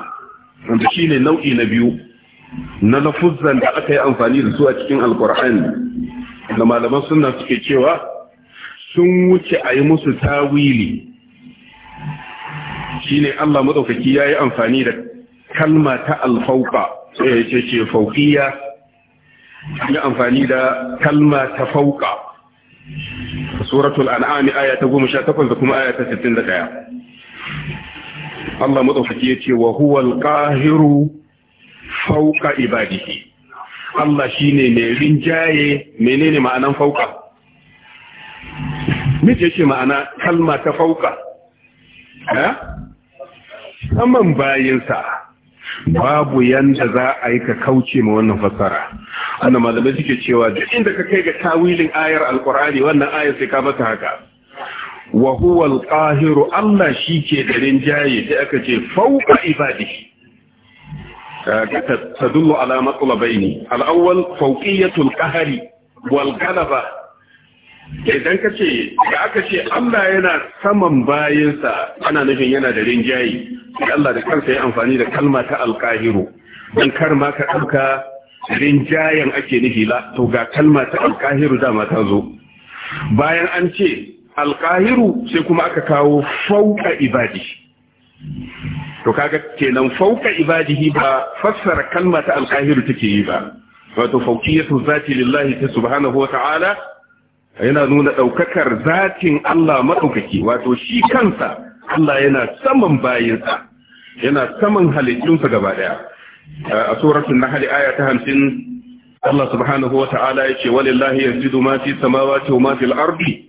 wanda shi ne nau'i na biyu na lafuzzan da aka yi amfani da su a cikin alkur'ani da malaman sunna suke cewa sun wuce a yi musu tawili shi ne Allah maɗaukaki ya yi amfani da kalma ta alfauka ce eh, ce faukiya yi amfani da kalma ta fauka suratul an'ami aya ta goma sha takwas da kuma aya ta sittin da ɗaya Allah maɗaukaki ya ce wa huwal ƙahiru fauka ibadihi Allah shi ne mai rinjaye menene ma'anan fauka mece ce ma'ana kalma ta fauka ha? Eh? saman bayinsa babu yanda za a yi ka kauce ma wannan fassara annan malamai suke cewa duk inda ka kai ga tawilin ayar alqur'ani wannan ayar sai ka mata haka wa huwa alqahiru Allah shike da rinjaye sai aka ce fawqa ibadihi ala على مطلبين fawqiyatul qahri wal ghalaba idan ka ce da aka ce Allah yana saman bayansa ana nufin yana da rinjayi, sai Allah da kansa ya amfani da kalma ta alkahiru dan kar ma ka ɗauka rinjayen ake nufi la to ga kalma ta alkahiru dama ta zo bayan an ce alkahiru sai kuma aka kawo fauka ibadi to kaga kenan fauka ibadihi ba fassara kalma ta alkahiru take yi ba wato fawqiyatu zati lillahi subhanahu wa ta'ala yana nuna ɗaukakar zatin Allah maɗaukaki wato shi kansa Allah yana saman bayinsa yana saman halittunsa gaba ɗaya a na hali aya ta hamsin, Allah subhanahu wata'ala yace walillahi yasjudu ma fi samawati wa ma fil ardi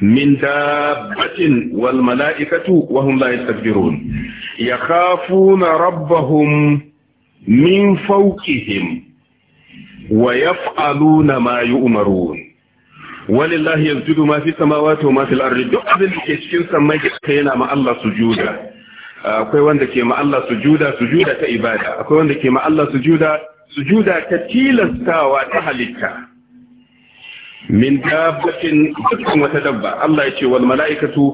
min dabbatin wal mala'ikatu wa hum la yastakbirun yakhafuna rabbahum min fawqihim wa yaf'aluna ma yu'marun walillahi yasjudu ma fi sama, wato ma fil duk abin da ke cikin sammai da yana ma Allah juda. akwai wanda ke ma Allah sujuda juda ta ibada akwai wanda ke ma Allah su juda ta tilastawa ta halitta min dabbatin dukkan wata dabba Allah ya ce wal mala'ikatu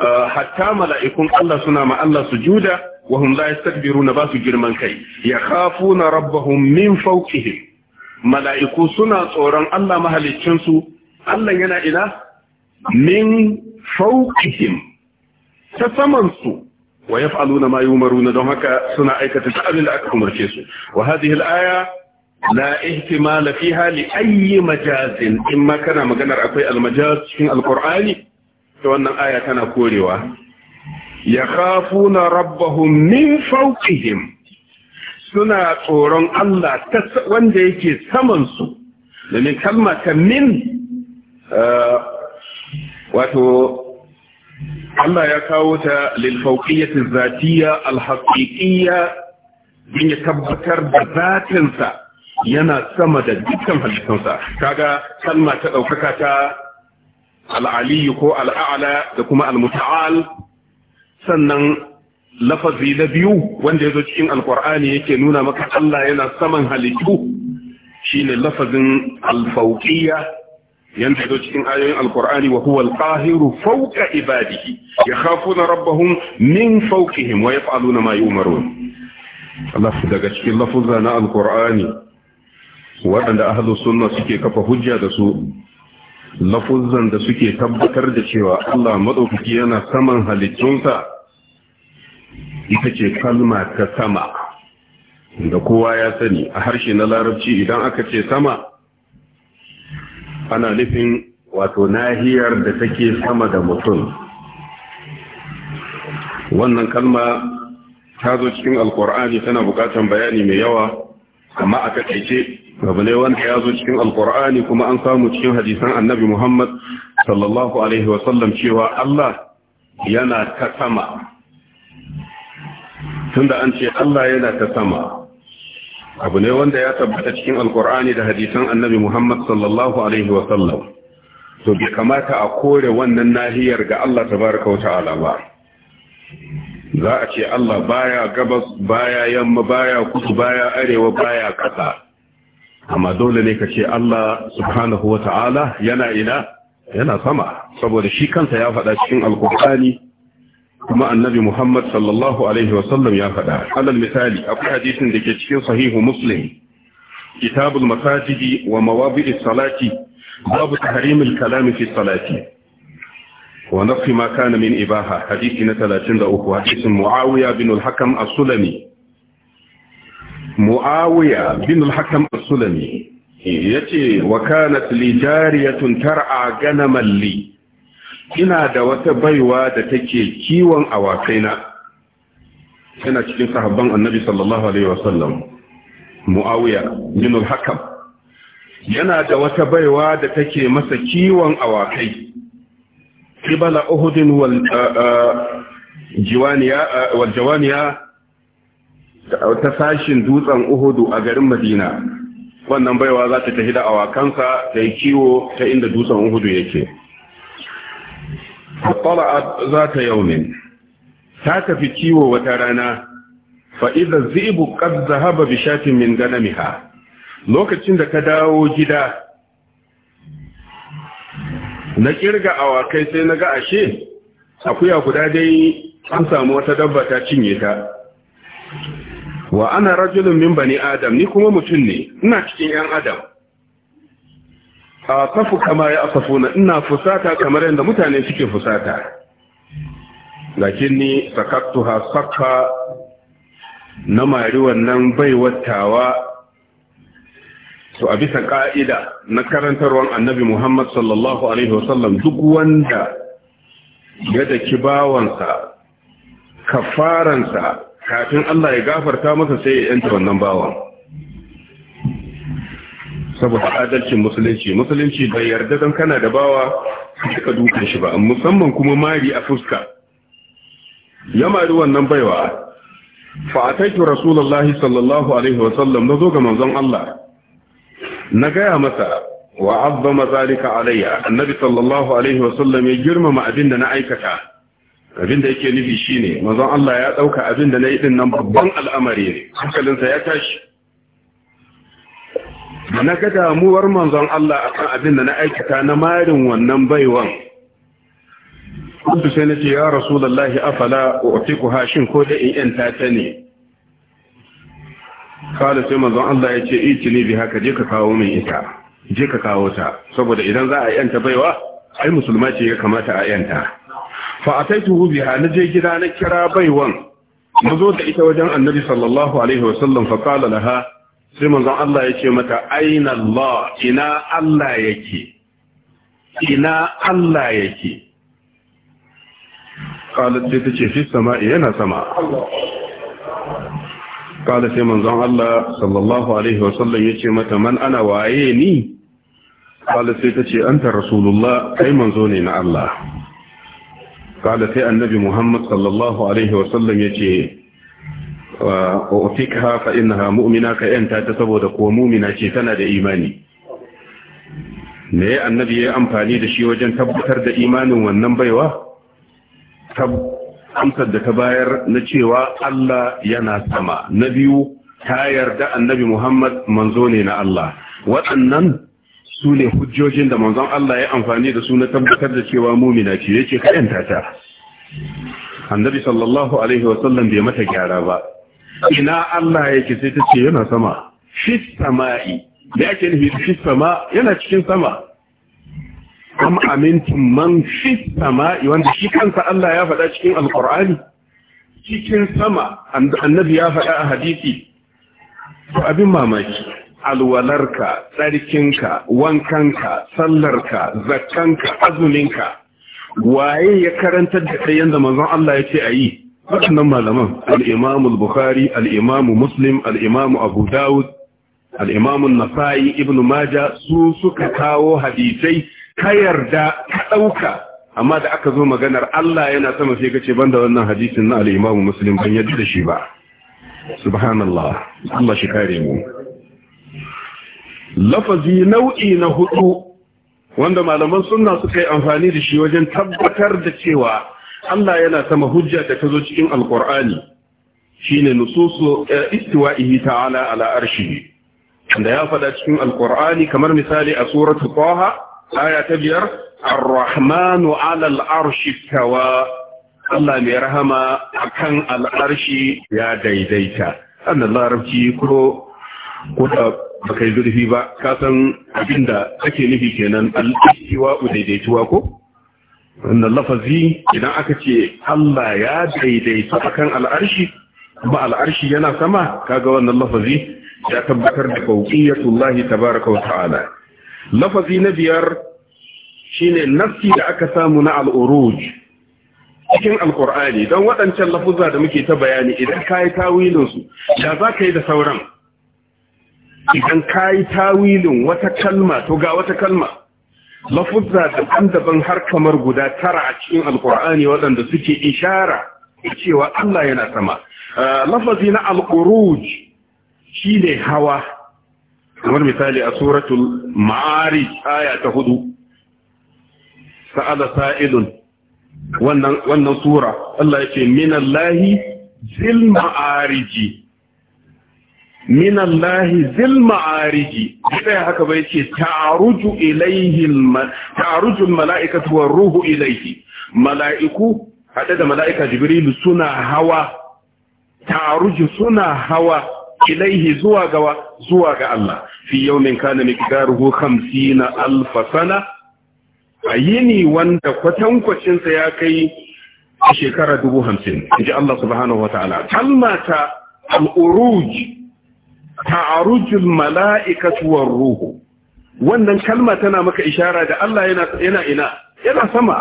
uh, hatta mala'ikun Allah suna ma Allah sujuda wa hum la yastakbiruna ba su girman kai yakhafuna rabbahum min fawqihim mala'iku suna tsoron Allah mahaliccinsu Allah yana ina min fawqihim ta Wa ya wa yaf'aluna ma yumaruna don haka suna aikata ta abin da aka umarce su wa hadhihi aya na ihtimal fiha hali ayyi majazin in ma kana maganar akwai al cikin al-qur'ani wannan aya tana korewa yakhafuna rabbahum min fawqihim suna tsoron Allah wanda yake saman su domin kalma ta min Eh, wato Allah ya kawo ta lilfauƙiyyati zatiya alhaƙiƙiya din ya tabbatar da zatinsa yana sama da dukkan halittunsa kaga kalma ta ɗaukaka ta al'aliyu ko al'a'ala da kuma almuta'al sannan lafazi na biyu wanda ya zo cikin alƙur'ani yake nuna maka Allah yana saman halittu shine lafazin alfauƙiyya yanda zo cikin ayoyin alkur'ani wa huwa alqahiru fawqa ibadihi yakhafuna rabbahum min fawqihim wa yaf'aluna ma yu'marun Allah daga cikin lafuzza na alkur'ani waɗanda ahlus sunna suke kafa hujja da su lafuzzan da suke tabbatar da cewa Allah madaukaki yana saman halittunsa ita ce kalma ta sama da kowa ya sani a harshe na larabci idan aka ce sama ana nufin wato nahiyar da take sama da mutum wannan kalma ta zo cikin alkur'ani tana bukatan bayani mai yawa amma a taice. abu ne wanda ya zo cikin alkur'ani kuma an samu cikin hadisan annabi muhammad sallallahu alaihi wasallam cewa allah yana ta sama tunda an ce allah yana ta sama abu ne wanda ya tabbata cikin alkur'ani da hadisan annabi muhammad sallallahu alaihi wasallam to bai kamata a kore wannan nahiyar ga allah tabaraka wa ta'ala ba za a ce allah baya gabas baya yamma baya kudu baya arewa baya ƙasa amma dole ne ka ce allah subhanahu wa ta'ala yana ina yana sama saboda shi kansa ya faɗa cikin alkur'ani kuma annabi Muhammad sallallahu alaihi wasallam ya faɗa alal misali akwai hadisin da ke cikin sahihu muslim kitabul masajidi wa mawabi'is salati babu tahrimil kalami fi salati wa nafi ma kana min ibaha hadisi na 33 hadisin muawiya bin al-hakam as-sulami muawiya bin al-hakam as-sulami yace wa kanat li jariyatun tar'a ganaman li ina da wata baiwa da take kiwon awakaina yana cikin sahabban annabi sallallahu alaihi wasallam muawiya bin al-hakam yana da wata baiwa da take masa kiwon awakai kibala uhudin wal jiwaniya wal jawaniya ta sashin dutsen uhudu a garin madina wannan baiwa za ta tafi da awakansa ta yi kiwo ta inda dutsen uhudu yake fatala'at zata yawmin ta tafi kiwo wata rana fa idza zibu qad zahaba bi shatin lokacin da ta dawo gida na kirga awakai sai na ga ashe akuya guda dai an samu wata dabba ta cinye ta wa ana rajulun min bani adam ni kuma mutum ne ina cikin yan adam a safu kama ya asafuna ina fusata kamar yadda mutane suke fusata sakattu ha saka na mari wannan baiwattawa su a bisa ka'ida na karantarwar annabi Muhammad sallallahu alaihi wasallam duk wanda ya daki bawansa kafaransa kafin Allah ya gafarta masa sai ya yanta wannan bawan saboda adalcin musulunci musulunci bai yarda don kana da bawa suka dukan shi ba musamman kuma mari a fuska ya mari wannan baiwa fa'ataitu rasulullahi sallallahu alaihi wasallam na zo ga manzon Allah na gaya masa wa azzama zalika alayya annabi sallallahu alaihi wasallam ya girmama abin da na aikata abin da yake nufi shine manzon Allah ya dauka abin da na yi din nan babban al'amari ne hankalinsa ya tashi da na ga damuwar manzon Allah a kan abin da na aikata na marin wannan baiwan kuntu sai na ce ya rasulullahi afala utiku hashin ko da in yanta ta ne kada sai manzon Allah ya ce iti ne bi haka je ka kawo min ita je ka kawo ta saboda idan za a yanta baiwa ai musulma ce ya kamata a yanta fa ataituhu biha na je gida na kira baiwan na zo da ita wajen annabi sallallahu alaihi wasallam fa qala laha sai manzon Allah ya ce mata aina Allah ina Allah yake ina Allah yake qalat sai tace fi sama'i yana sama qala sai manzon Allah sallallahu alaihi wasallam yace mata man ana waye ni qala sai tace anta rasulullah kai manzo ne na Allah qala sai annabi Muhammad sallallahu alaihi wasallam yace wa utika fa innaha mu'mina ka yanta ta saboda kuwa mu'mina ce tana da imani me annabi ya amfani da shi wajen tabbatar da imanin wannan baiwa Ta amsar da ta bayar na cewa Allah yana sama na biyu ta yarda annabi Muhammad manzo ne na Allah waɗannan su ne hujjojin da manzon Allah ya amfani da su na tabbatar da cewa mumina ce yace ka yanta ta annabi sallallahu alaihi wasallam bai mata gyara ba ina Allah yake sai ta ce yana sama shi sama'i da yake nufi shi sama yana cikin sama Kuma amintum man fi sama'i wanda shi kansa Allah ya faɗa cikin alqur'ani cikin sama annabi ya faɗa a hadisi to abin mamaki alwalarka tsarkinka wankanka sallarka zakkanka azuminka waye ya karantar da kai yanda manzon Allah ya ce a yi waɗannan malaman al bukhari al Muslim alimamu Abu Dawud alimamu imam nasai Ibn Maja, su suka kawo hadisai ka yarda ka ɗauka. amma da aka zo maganar Allah yana sama sai kace banda wannan hadisin na al Muslim ban yadda da shi ba subhanallah Allah shi kare mu lafazi nau'i na hudu wanda malaman sunna suka yi amfani da shi wajen tabbatar da cewa Allah yana sama hujja da ta zo cikin alkur'ani shine nususu eh, istiwa'ihi ta'ala ala arshihi da ya faɗa cikin alkur'ani kamar misali a suratu kwaha aya ta biyar ar-rahmanu ala al tawa Allah mai rahama akan al'arshi ya daidaita annan larabci ko da ba kai zurfi ba ka san abinda ake nufi kenan al-istiwa'u daidaituwa ko wannan lafazi idan aka ce Allah ya daidaita akan al'arshi kuma al'arshi yana sama kaga wannan lafazi ya tabbatar da fauqiyatullahi tabaaraka wa ta'ala lafazi na biyar shine nafsi da aka samu na al'uruj cikin alqur'ani dan waɗancan lafuzza da muke ta bayani idan kai tawilin su da za ka yi da sauran idan kai tawilin wata kalma to ga wata kalma lafuzza daban-daban har kamar guda tara a cikin alkur'ani waɗanda suke ishara cewa Allah yana sama uh, lafazi na alkuruj shi ne hawa kamar misali a suratul ma'ari aya ta hudu Sa'ada sa'ilun wannan sura Allah ya ce minallahi zil ma'ariji minallahi Allah zil ma'ariji sai haka bai ce ta'aruju ilaihi ta'aruju mala'ikatu war ruhu ilaihi mala'iku hada da mala'ika jibril suna hawa ta'aruju suna hawa ilaihi zuwa ga zuwa ga Allah fi yawmin kana miqdaruhu 50 sana ayini wanda kwatankwacin sa ya kai shekara 50 inji Allah subhanahu wata'ala ta'ala kalmata al-uruj ta'arujul mala'ikatu war ruhu wannan kalma tana maka ishara da Allah yana yana ina yana sama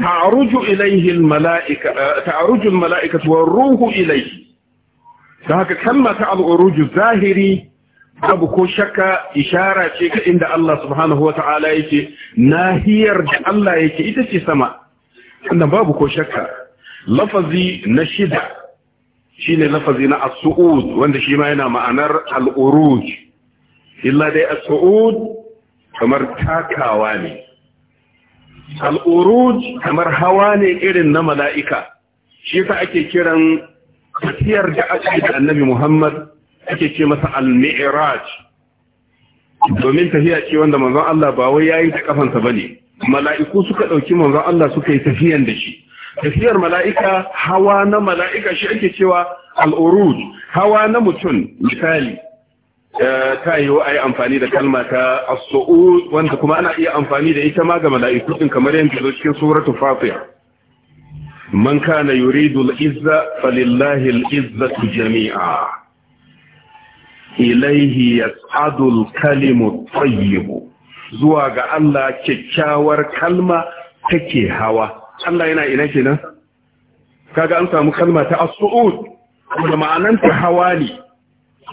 ta'aruju ilayhi mala'ika eh, mala'ikatu war ruhu ilayhi da haka kalma ta al'uruju zahiri Babu ko shakka ishara ce ga inda Allah subhanahu wa ta'ala yake nahiyar da Allah yake ita ce sama inda babu ko shakka lafazi na shida shine lafazi na as-su'ud wanda shi ma yana ma'anar al-uruj illa dai as-su'ud kamar takawa ne al-uruj kamar hawa ne irin na mala'ika shi ta ake kiran tafiyar da aka da annabi Muhammad ake ce masa al-mi'raj domin tafiya ce wanda manzon Allah ba wai yayin ta kafansa bane mala'iku suka dauki manzon Allah suka yi tafiyan da shi tafiyar mala'ika hawa na mala'ika shi ake cewa al'uruj hawa na mutum misali eh, ta yi wa amfani da kalma ta as wanda kuma ana iya amfani da ita ma ga mala'iku din kamar yadda zo cikin suratul fatiha man kana yuridu al falillahi jami'a ilayhi yas'adu al-kalimu at zuwa ga Allah kyakkyawar kalma take hawa Allah yana ina kenan kaga an samu kalma ta as-su'ud da ma'ananta ta hawali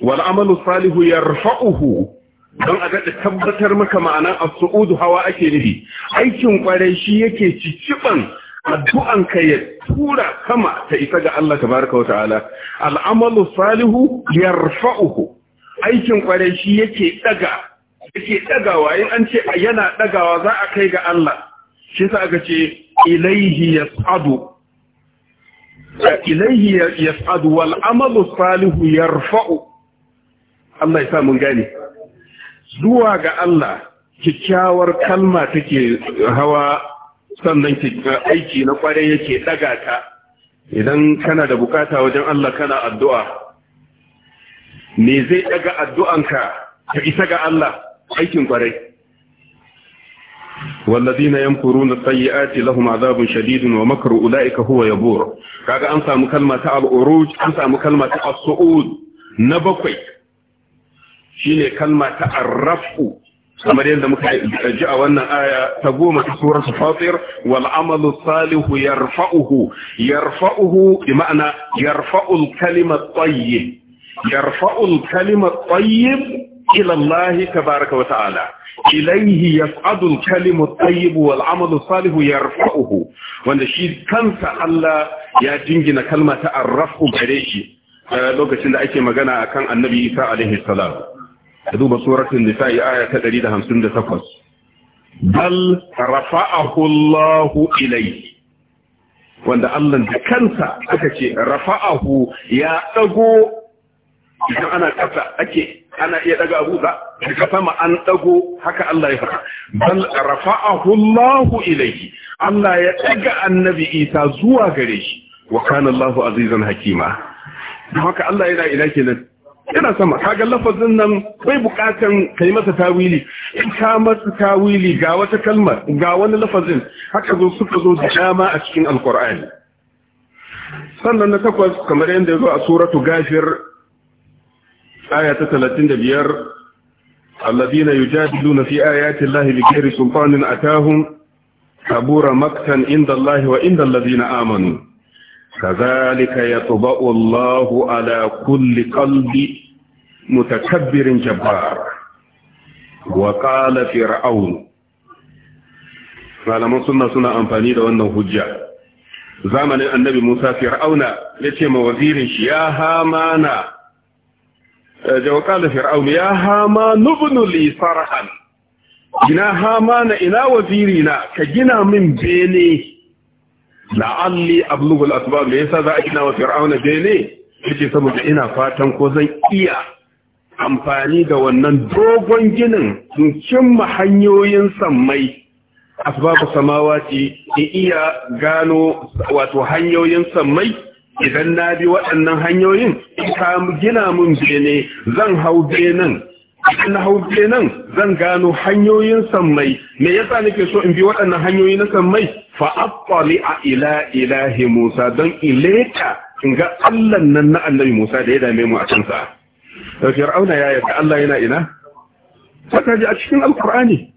wal amalu salihu yarfa'uhu don a daɗa tabbatar maka ma'anar as-su'ud hawa ake nufi aikin kwarai shi yake ciciban addu'an ka ya tura kama ta isa ga Allah tabaraka wa ta'ala al'amalu salihu yarfa'uhu aikin kwarai shi yake daga yake dagawa in an ce yana dagawa za a kai ga Allah shi sa aka ce ilaihi yas'adu ilaihi yas'adu wal amalu salihu yarfa'u Allah ya sa mun gane zuwa ga Allah kyakkyawar kalma take hawa sannan aiki na kwarai yake daga ka. idan kana da bukata wajen Allah kana addu'a me zai daga addu'anka ka isa ga Allah aikin kwarai والذين يمكرون السيئات لهم عذاب شديد ومكر أولئك هو يبور كاغا أنسى مكلمة الأروج أنسى مكلمة الصعود نبقي شيني كلمة الرفع kamar yadda muka ji a wannan aya ta goma ta surar fatir wal amalu salihu yarfa'uhu yarfa'uhu bi ma'ana yarfa'ul kalima tayyib yarfa'ul kalima tayyib ila Allah tabaaraka wa ta'ala ilaihi yas'adu kalimu at wal 'amalu salihu yarfa'uhu wanda shi kansa Allah ya jingina kalma ta arrafu gare shi lokacin da ake magana akan Annabi Isa alaihi salam duba suratul nisa'i aya ta 158 bal rafa'ahu Allah ilaihi wanda Allah da kansa aka ce rafa'ahu ya dago idan ana kasa ake ana iya daga abu da daga sama an dago haka Allah ya faɗa bal rafa'ahu Allah ilayhi Allah ya daga annabi Isa zuwa gare shi wa kana Allah azizan hakima haka Allah yana ina kenan yana sama kaga lafazin nan bai bukatan kai masa tawili in ka masa tawili ga wata kalma ga wani lafazin haka zo suka zo da dama a cikin alqur'ani sannan na takwas kamar yadda ya zo a suratu gafir aya ta 35 الذين يجادلون في آيات الله بغير سلطان أتاهم كبور مقتا عند الله وعند الذين آمنوا كذلك يطبع الله على كل قلب متكبر جبار وقال فرعون malaman suna suna amfani da wannan hujja zamanin annabi musa fir'auna ya ce ma wazirin shi ya hamana Eh, jawa da fir'aunu ya hama nubnu li gina ina hama na ina waziri na ka gina min bene la'alli ablughu al-asbab me yasa za a gina wa fir'auna bene yace saboda ina fatan ko zan iya amfani da wannan dogon ginin in cimma hanyoyin sammai asbabu samawati in iya gano wato hanyoyin sammai idan na bi waɗannan hanyoyin ka gina mun bene zan hau benen idan na hau benen zan gano hanyoyin sammai me yasa nake so in bi waɗannan hanyoyi na sammai fa aqali a ila ilahi Musa don ileta in ga allan nan na Annabi Musa da ya dame mu a sa. to Fir'auna ya yarda Allah yana ina saka ji a cikin alqur'ani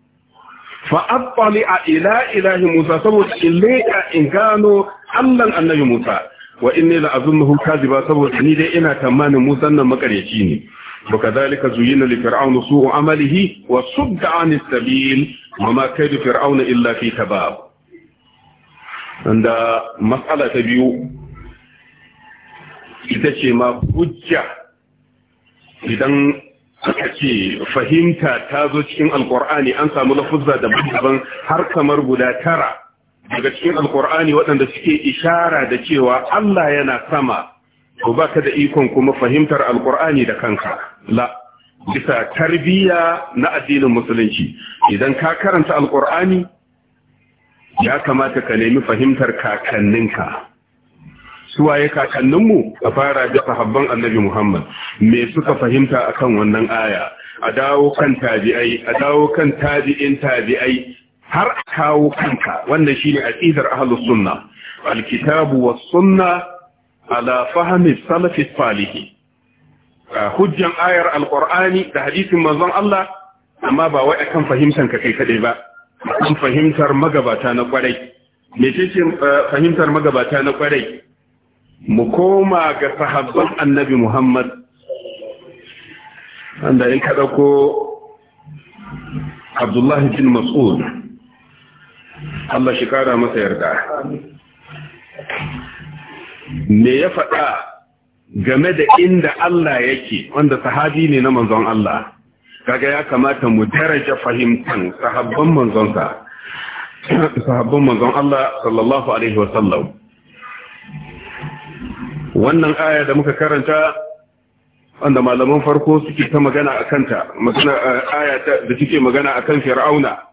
fa aqali a ila ilahi Musa saboda ileta in gano allan Annabi Musa wa inni la azunnuhu saboda ni dai ina tamanin Musa nan makareci ne wa kadhalika zuyina li fir'aun su'u amalihi wa sudda 'an as-sabil wa ma kaydu illa fi tabab anda mas'ala ta biyu ita ce ma hujja idan aka ce fahimta ta zo cikin alkur'ani an samu lafuzza daban-daban har kamar guda tara daga cikin alkur'ani waɗanda suke ishara da cewa Allah yana sama to baka da ikon kuma fahimtar alkur'ani da kanka la bisa tarbiya na addinin musulunci idan ka karanta alkur'ani ya kamata ka nemi fahimtar kakanninka suwaye kakanninmu a fara da sahabban annabi Muhammad me suka fahimta akan wannan aya a dawo kan tabi'ai a dawo kan tabi'in tabi'ai har a kawo kanka wanda shi ne aƙidar ahalus sunna alkitabu was sunna ala fahmi salafi salih hujjan ayar alqur'ani da hadisin manzon Allah amma ba wai akan fahimtar ka kai kadai ba akan fahimtar magabata na kwarai Me ce eh, fahimtar magabata na kwarai mu koma ga sahabban annabi Muhammad wanda in ka dauko Abdullah bin Mas'ud Allah shi kara masa yarda me ya faɗa game da inda Allah yake wanda sahabi ne na manzon Allah kaga ya kamata mu daraja fahimtan sahabban manzonsa sahabban manzon Allah sallallahu alaihi wasallam wannan aya da muka karanta wanda malaman farko suke ta magana a kanta eh, aya da suke magana akan fir'auna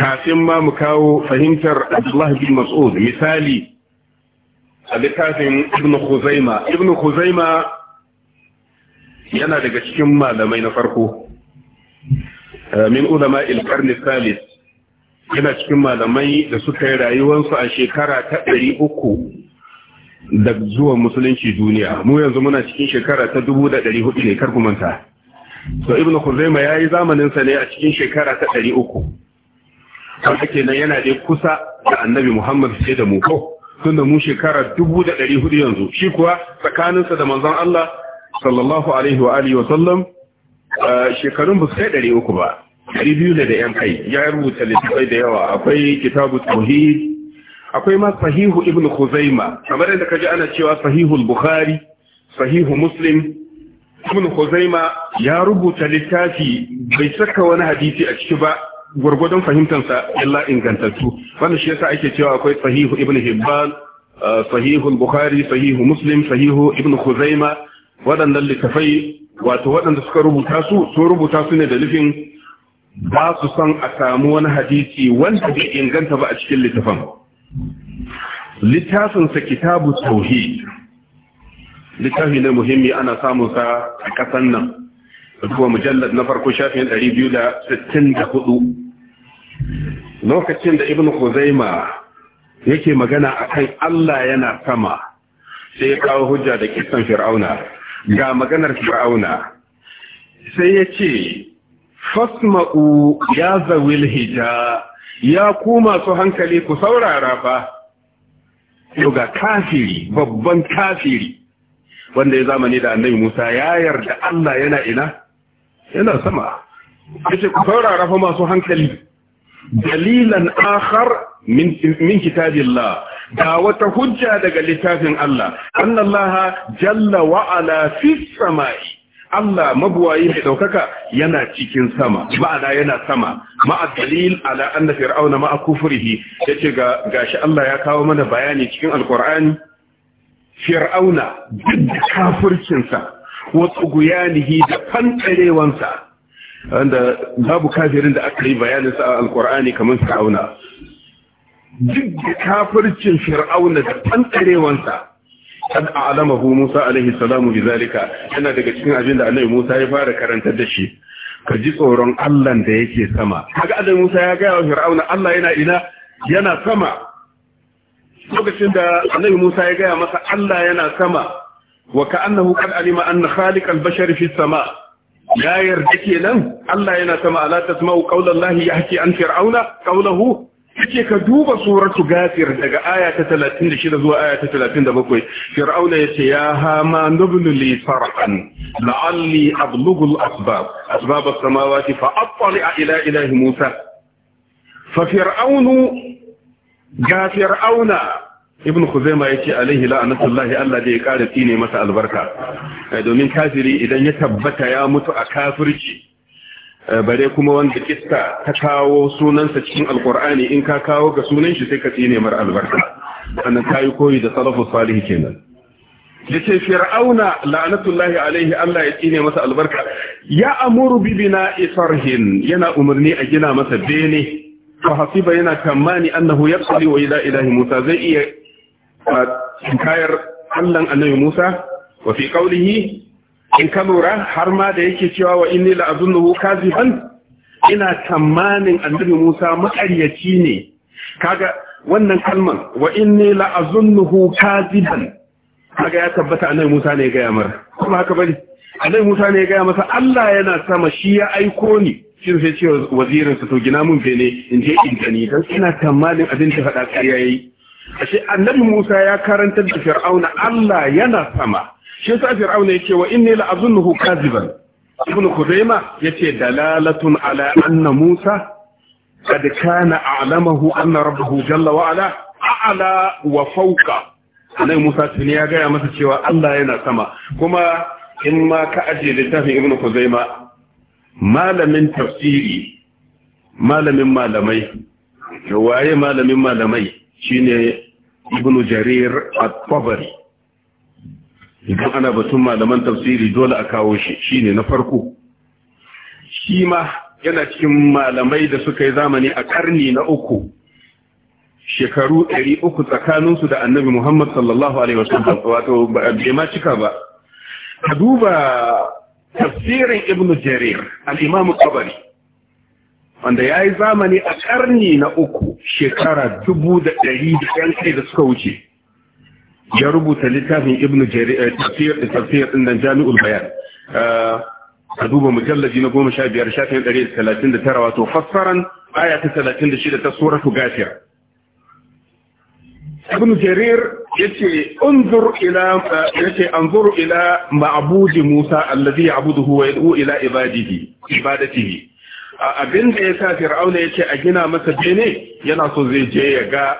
kafin ma mu kawo fahimtar Abdullah bin Mas'ud misali a littafin Ibn Khuzaima Ibn Khuzaima yana daga cikin malamai na farko eh, min ulama al-qarn al-thalith yana cikin malamai da suka yi rayuwarsu a shekara ta 300 da zuwa musulunci duniya mu yanzu muna cikin shekara ta 1400 ne kar ku manta so ibnu khuzaima yayi zamanin sa ne a cikin shekara ta 300 kan ake nan yana dai kusa da annabi Muhammad sai da mu ko tun da mu shekara 1400 yanzu shi kuwa tsakaninsa da manzon Allah sallallahu alaihi wa alihi wa sallam shekarun ba sai 300 ba 200 da yan kai ya rubuta littafai da yawa akwai kitabu tauhid akwai ma sahihu ibn khuzaima kamar yadda kaji ana cewa sahihu al-bukhari sahihu muslim ibn khuzaima ya rubuta littafi bai saka wani hadisi a ciki ba gwargwadon fahimtansa illa ingantattu wannan shi yasa ake cewa akwai sahihu ibn hibban uh, sahihu bukhari sahihu muslim sahihu ibn khuzaima waɗannan littafai wato waɗanda suka rubuta su sun rubuta su ne da lifin, ba su san a samu wani hadisi wanda bai inganta ba a cikin littafin littafinsa kitabu tauhid littafi ne muhimmi ana samun sa a kasan nan kuma mujallar na farko shafin 264 lokacin da ibn Khuzaima yake magana akan Allah yana sama sai ya kawo hujja da kisan Fir'auna ga maganar Fir'auna sai ya ce fasma'u ya zawil hija ya kuma masu hankali ku saurara fa ga kafiri babban kafiri wanda ya zamani da annabi Musa ya yarda Allah yana ina yana sama yace ku saurara fa masu hankali dalilan akhar min kitabillah da wata hujja daga littafin Allah annallaha jalla wa ala fis samai Allah mabuwayi mai ɗaukaka yana cikin sama, ma'ana yana sama, ma'a dalil ala anna fir'auna ma'a kufurihi, ya ce ga gashi Allah ya kawo mana bayani cikin alkur'ani fir'auna duk da kafircinsa, wa tsuguyanihi da fantarewansa, wanda babu kafirin da aka yi bayanin sa alqur'ani kaman kamar fir'auna duk da kafircin fir'auna da tantarewansa kad a'lamahu Musa alaihi salamu bizalika yana daga cikin abin da Annabi Musa ya fara karantar da shi ka ji tsoron Allah da yake sama kaga Annabi Musa ya ga wa fir'auna Allah yana ina yana sama lokacin da Annabi Musa ya ga masa Allah yana sama wa ka'annahu qad alima anna khaliqal bashari fis sama' ya yarda kenan Allah yana sama ala tasma'u qaulallahi yahki an fir'auna qaulahu yake ka duba suratu gafir daga aya ta 36 zuwa aya ta 37 fir'auna yace ya hama nubnu li farqan la'alli ablugu al-asbab asbab as-samawati fa attali'a ila ilahi musa fa fir'aunu ga fir'auna ibn khuzaima yace alaihi la'natullahi Allah da ya kara tsine masa albarka eh, domin kafiri idan ya tabbata ya mutu a kafirci eh, bare kuma wanda kista ta kawo sunansa cikin alqur'ani in ka kawo ga sunan shi sai ka tsine mar albarka annan kai koyi da salafus salih kenan yace fir'auna la'natullahi alaihi Allah ya tsine masa albarka ya amuru bi yana umarni a gina masa bene fa hasiba yana tamani annahu yabsali wa ila ilahi musa zai iya kayar Allahn annabi Musa wa fi qawlihi in ka lura har ma da yake cewa wa inni la azunnuhu kaziban ina tamanin annabi Musa makaryaci ne kaga wannan kalman wa inni la azunnuhu kaziban kaga ya tabbata annabi Musa ne ga yamar kuma haka bane annabi Musa ne ga masa Allah yana sama shi ya aiko ni shi sai ce wazirin sa to gina mun fene in je in gani dan ina tamanin abin da faɗa ƙarya yayi ashe annabi Musa ya karantar da Fir'auna Allah yana sama shi yasa Fir'auna yake wa inni la azunnuhu kaziban ibn Khuzaima yace dalalatun ala anna Musa qad kana a'lamahu anna rabbuhu jalla wa ala a'la wa fawqa annabi Musa tuni ya gaya masa cewa Allah yana sama kuma in ma ka aje littafin ibn Khuzaima malamin tafsiri malamin malamai waye malamin malamai shine ibn jarir at-tabari idan ana batun malaman tafsiri dole a kawo shi shine na farko shi ma yana cikin malamai da suka yi zamani a karni na uku shekaru 300 tsakaninsu da annabi Muhammad sallallahu alaihi wasallam wato bai ma cika ba A duba tafsirin ibn jarir al-imam tabari wanda ya yi zamani a ƙarni na uku shekara dubu da ɗari da ɗan kai da suka wuce ya rubuta littafin ibn tafiyar da tafiyar ɗin nan jami'ul bayan eh, a duba mujallaji na goma sha biyar sha shafin ɗari da talatin da tara wato fassaran aya ta talatin da shida ta suratu gafiyar ibn jarir ya ce, ila eh, yace ila ma'budi musa alladhi ya'buduhu wa yad'u ila ibadihi ibadatihi abin da ya sa fir'auna ya ce a gina masa bene yana so zai je ya ga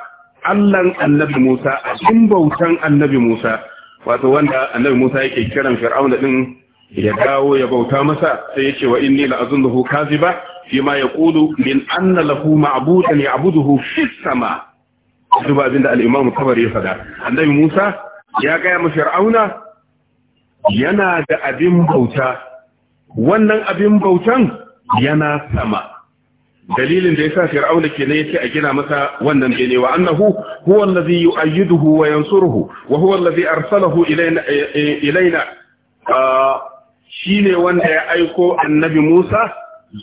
allan annabi musa a cikin bautan annabi musa wato wanda annabi musa yake kiran fir'auna din ya dawo ya bauta masa sai ya ce wa inni la'azunnahu kaziba ma yaqulu min anna lahu ma'budan ya'buduhu fi sama duba abin da al-imam tabari ya fada annabi musa ya gaya ma fir'auna yana da abin bauta wannan abin bautan yana sama dalilin da yasa fir'auna kenan yace a gina masa wannan bene wa annahu huwa allazi yu'ayyiduhu wa yansuruhu wa huwa allazi arsalahu ilaina eh, eh, ilaina ah, shine wanda ya aiko annabi Musa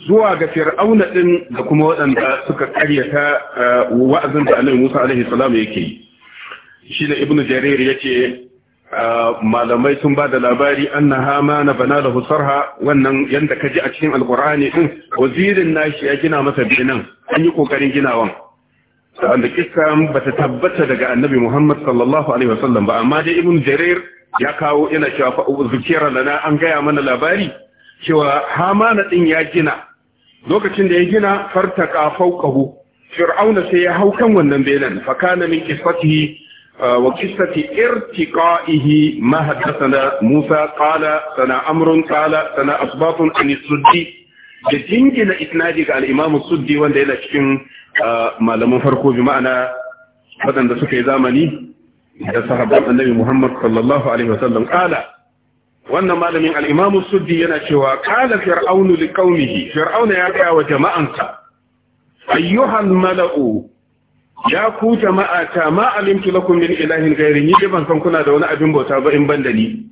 zuwa ga fir'auna din da kuma waɗanda suka karyata eh, wa'azin da annabi Musa alaihi salam yake yi shine ibnu jarir yace Ah, malamai sun ba da labari an Hama, na bana da Husarha, wannan yanda ji a cikin alkur'ani din wazirin nashi ya gina masa binin an yi kokarin ginawan wanda bata tabbata daga annabi Muhammad sallallahu alaihi wasallam ba amma dai ibn jarir ya kawo yana cewa fa zukira lana an gaya mana labari cewa hamana din ya gina lokacin da ya gina fartaka fawqahu fir'auna sai ya hau kan wannan benen fa kana min qisatihi وقصة ارتقائه ما حدثنا موسى قال سنا أمر قال سنا أصباط عن السدي جدين إسنادك الإمام السدي وان دينا شكين ما لم فرقوا بمعنى فتن دا سكي زامني دا صحابة النبي محمد صلى الله عليه وسلم قال وان ما لم الإمام السدي ينا شوا قال فرعون لقومه فرعون يا وجماعة أيها الملأ ya ku jama'a ta ma alimtu lakum min ilahin ghairi ni ban san kuna da wani abin bauta ba in banda ni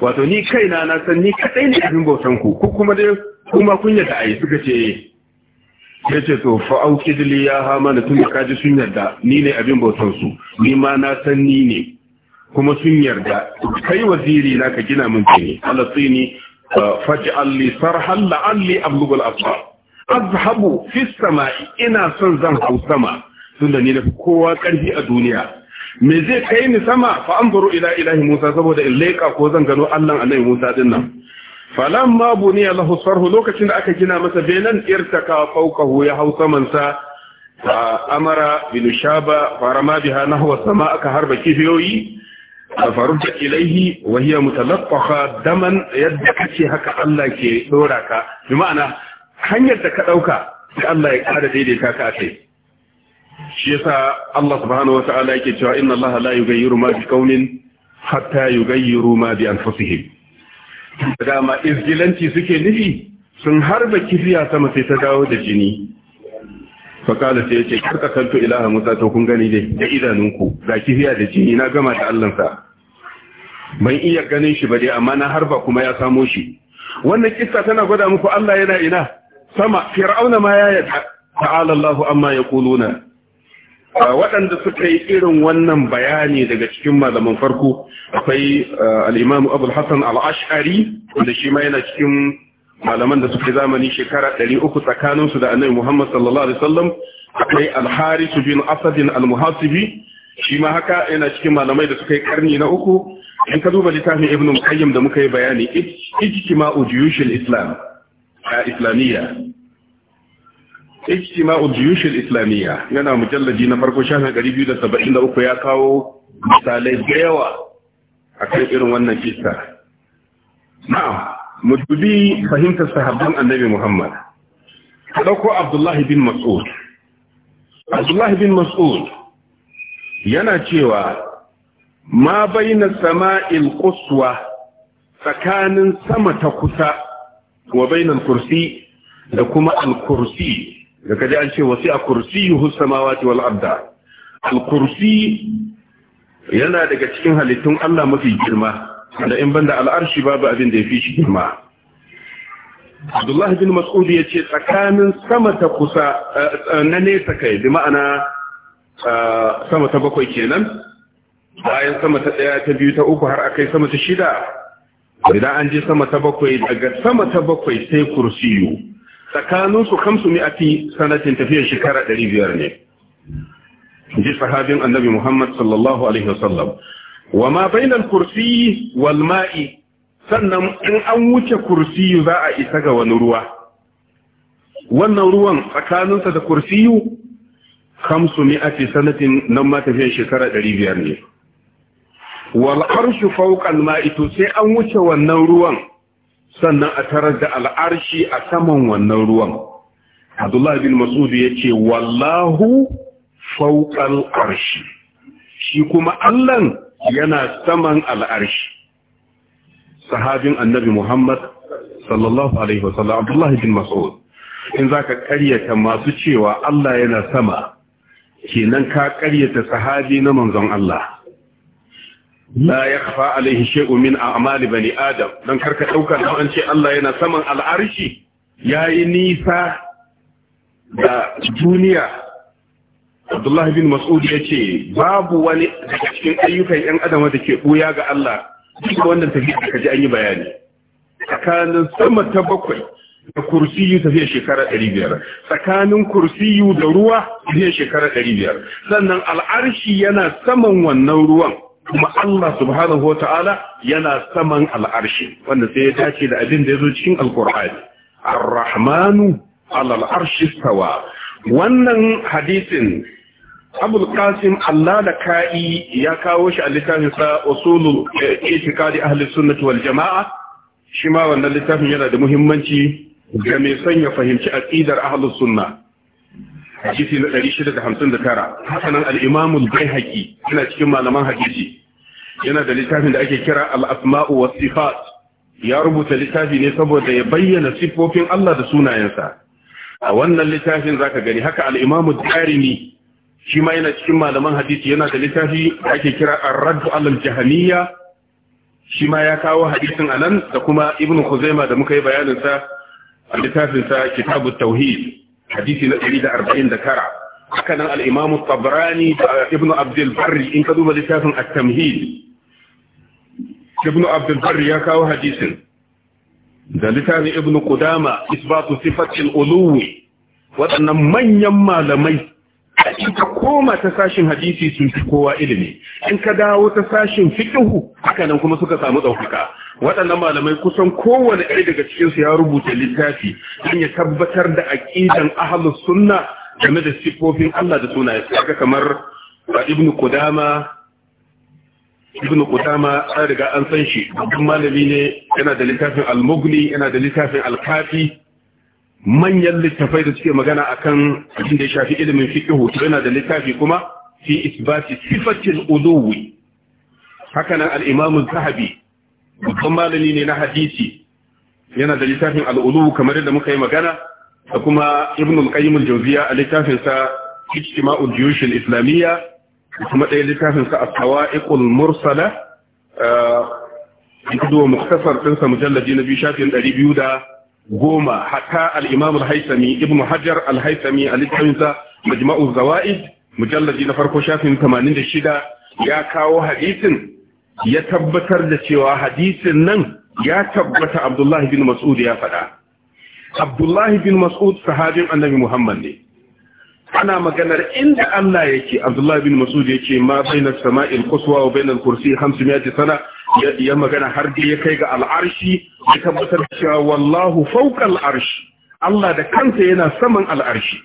wato ni kaina na san ni kadai ne abin bautan ku ku kuma dai kuma kun yadda ai suka ce eh. yace to fa aukid li ya mana tun ka ji sun yarda ni ne abin bautan su ni ma na san ni ne kuma sun yarda kai waziri na ka gina min kene Allah ni faj'al li sarhan la'alli ablugul asfar azhabu fi samai ina son zan hau sama tunda na kowa ƙarfi a duniya me zai kai ni sama fa anzuru ila ilahi Musa saboda in leka ko zan gano Allah annabi Musa din nan falamma buniya lahu sarhu lokacin da aka gina masa benan irtaka fawqahu ya hau saman sa amara bin shaba farama biha nahwa sama aka harba kifiyoyi farudda ilaihi wa hiya mutalaqqa daman yadda kace haka Allah ke dora ka bi ma'ana hanyar da ka dauka sai Allah ya kada daidaita ka kai shi yasa Allah subhanahu wata'ala yake cewa inna Allah la yughayyiru ma biqaumin hatta yughayyiru ma bi anfusihim dama izgilanci suke nufi sun harba kifiya sama sai ta dawo da jini fakala sai yace karka kanto ilaha musa to kun gani dai da idanunku ga kifiya da jini na gama da Allah sa ban iya ganin shi ba dai amma na harba kuma ya samo shi wannan kissa tana gwada muku Allah yana ina sama fir'auna ma ya yada ta'ala Allahu amma yaquluna Ah, waɗanda suka yi irin wannan bayani daga cikin malaman farko akwai ah, al'imamu abul hassan al'ashari wanda shi ma yana cikin malaman da suke zamani shekara 300 tsakaninsu da annabi muhammad sallallahu alaihi wasallam akwai alharisu bin asadin almuhasibi shi ma haka yana cikin malamai da suka yi karni na uku in ka duba littafin ibn qayyim da muka yi bayani ijtima'u juyushil islam a islamiyya ijtima'u juyushin al-islamiyya yana mujalladi na farko shafin 273 ya kawo misalai da yawa akan irin wannan kissa na'am mutubi fahimtar sahabban annabi Muhammad dauko Abdullahi bin Mas'ud Abdullahi bin Mas'ud yana cewa ma baina sama'il quswa tsakanin sama ta kusa wa bainal kursi da kuma al-kursi da kaji an ce wasi a kursi samawati wal arda al kursi yana daga cikin halittun Allah mafi girma da in banda al'arshi babu abin da ya fi shi girma Abdullah bin Mas'ud ya ce tsakanin sama ta kusa eh, na nesa kai bi ma'ana eh, sama ta bakwai kenan bayan sama ta daya ta biyu ta uku har akai sama ta shida idan an je sama ta bakwai daga sama ta bakwai sai kursiyu tsakaninsu kamsu ne a fi sanatin tafiyar shekara 500 ne ji sahabin annabi Muhammad sallallahu alaihi wasallam wa ma bainal kursi wal ma'i sannan in an wuce kursi za a isa ga wani ruwa wannan ruwan tsakaninsa da kursiyu kamsu a fi sanatin nan ma tafiyar shekara 500 ne wal arshu fawqa ma'i to sai an wuce wannan ruwan sannan a tarar da al'arshi a saman wannan ruwan abdullahi bin masud ya ce wallahu fauƙal arshi shi kuma allah yana saman al'arshi sahabin annabi muhammad sallallahu alaihi wasallam abdullahi bin masud in za ka karyata masu cewa allah yana sama kenan ka karyata sahabi na manzon allah la yakhfa alaihi shay'un min a'mali bani adam dan karka dauka dan an ce Allah yana saman al'arshi yayi nisa da duniya Abdullahi bin Mas'ud ce, babu wani daga cikin ayyukan yan adam da ke buya ga Allah duk wannan tafiya da kaji an yi bayani tsakanin sama ta bakwai da kursiyu tafiya shekara biyar. tsakanin kursiyu da ruwa tafiya shekara biyar. sannan al'arshi yana saman wannan ruwan kuma Allah subhanahu wa ta'ala yana saman al'arshi wanda sai ya dace da abin da ya zo cikin alkur'ani ar-rahmanu al'arshi sawa. wannan hadisin abul qasim Allah da ka'i ya kawo shi a littafin sa usulul eh, itiqadi ahli wal jama'a shi ma wannan littafin yana da muhimmanci ga mai son ya fahimci aƙidar ahalin sunnah hadisi na 659 hakanan al-imam al-baihaqi yana cikin malaman hadisi yana da littafin da ake kira al-asma'u was sifat ya rubuta littafi ne saboda ya bayyana sifofin Allah da sunayensa a wannan littafin zaka gani haka al'imamul imam ne. shi ma yana cikin malaman hadisi yana da littafi da ake kira ar al-jahmiyya shi ma ya kawo hadisin anan da kuma ibnu khuzaima da muka yi bayanin sa a littafinsa Kitabu tauhid hadisi na ɗari 149 haka nan al-imam at-tabrani da ibn abd al in ka duba littafin at-tamhid ibn abd ya kawo hadisin da littafin ibn qudama isbatu sifati al-uluwi waɗannan manyan malamai koma ta sashin hadisi sun fi kowa ilimi in ka dawo ta sashin fituhu, haka nan kuma suka samu ɗaukaka waɗannan malamai kusan kowane ɗaya daga cikin su ya rubuta littafi don ya tabbatar da aqidan ahlus sunna game da sifofin Allah da sunaye kaga kamar ibnu Kudama ibn Kudama, an riga an san shi babban malami ne yana da littafin al-Mughni yana da littafin al-Kafi manyan littafai da suke magana akan abin da ya shafi ilimin fiqhu to yana da littafi kuma fi isbati sifatil uluwi haka nan al-imam zahabi babban malami ne na hadisi yana da littafin al'uluhu kamar yadda muka yi magana da kuma ibn al-qayyim al-jawziya a littafin sa ijtima'ul juyush al-islamiyya kuma ɗaya littafin sa as-sawa'iqul mursala a eh, kudu mukhtasar din sa mujalladi na biyu shafin 200 goma hatta al al ibn hajar al haisami a littafinsa majma'u zawaid mujallaji na farko shafin 86 ya kawo hadisin ya tabbatar da cewa hadisin nan ya tabbata abdullahi bin mas'ud ya faɗa abdullahi bin mas'ud sahabin annabi muhammad ne ana maganar inda Allah yake Abdullah bin Mas'ud yake ma baina sama'il quswa wa baina al-kursi 500 sana ya magana har da ya kai ga al'arshi ya tabbatar cewa wallahu fawqa al-arshi Allah da kansa yana saman al'arshi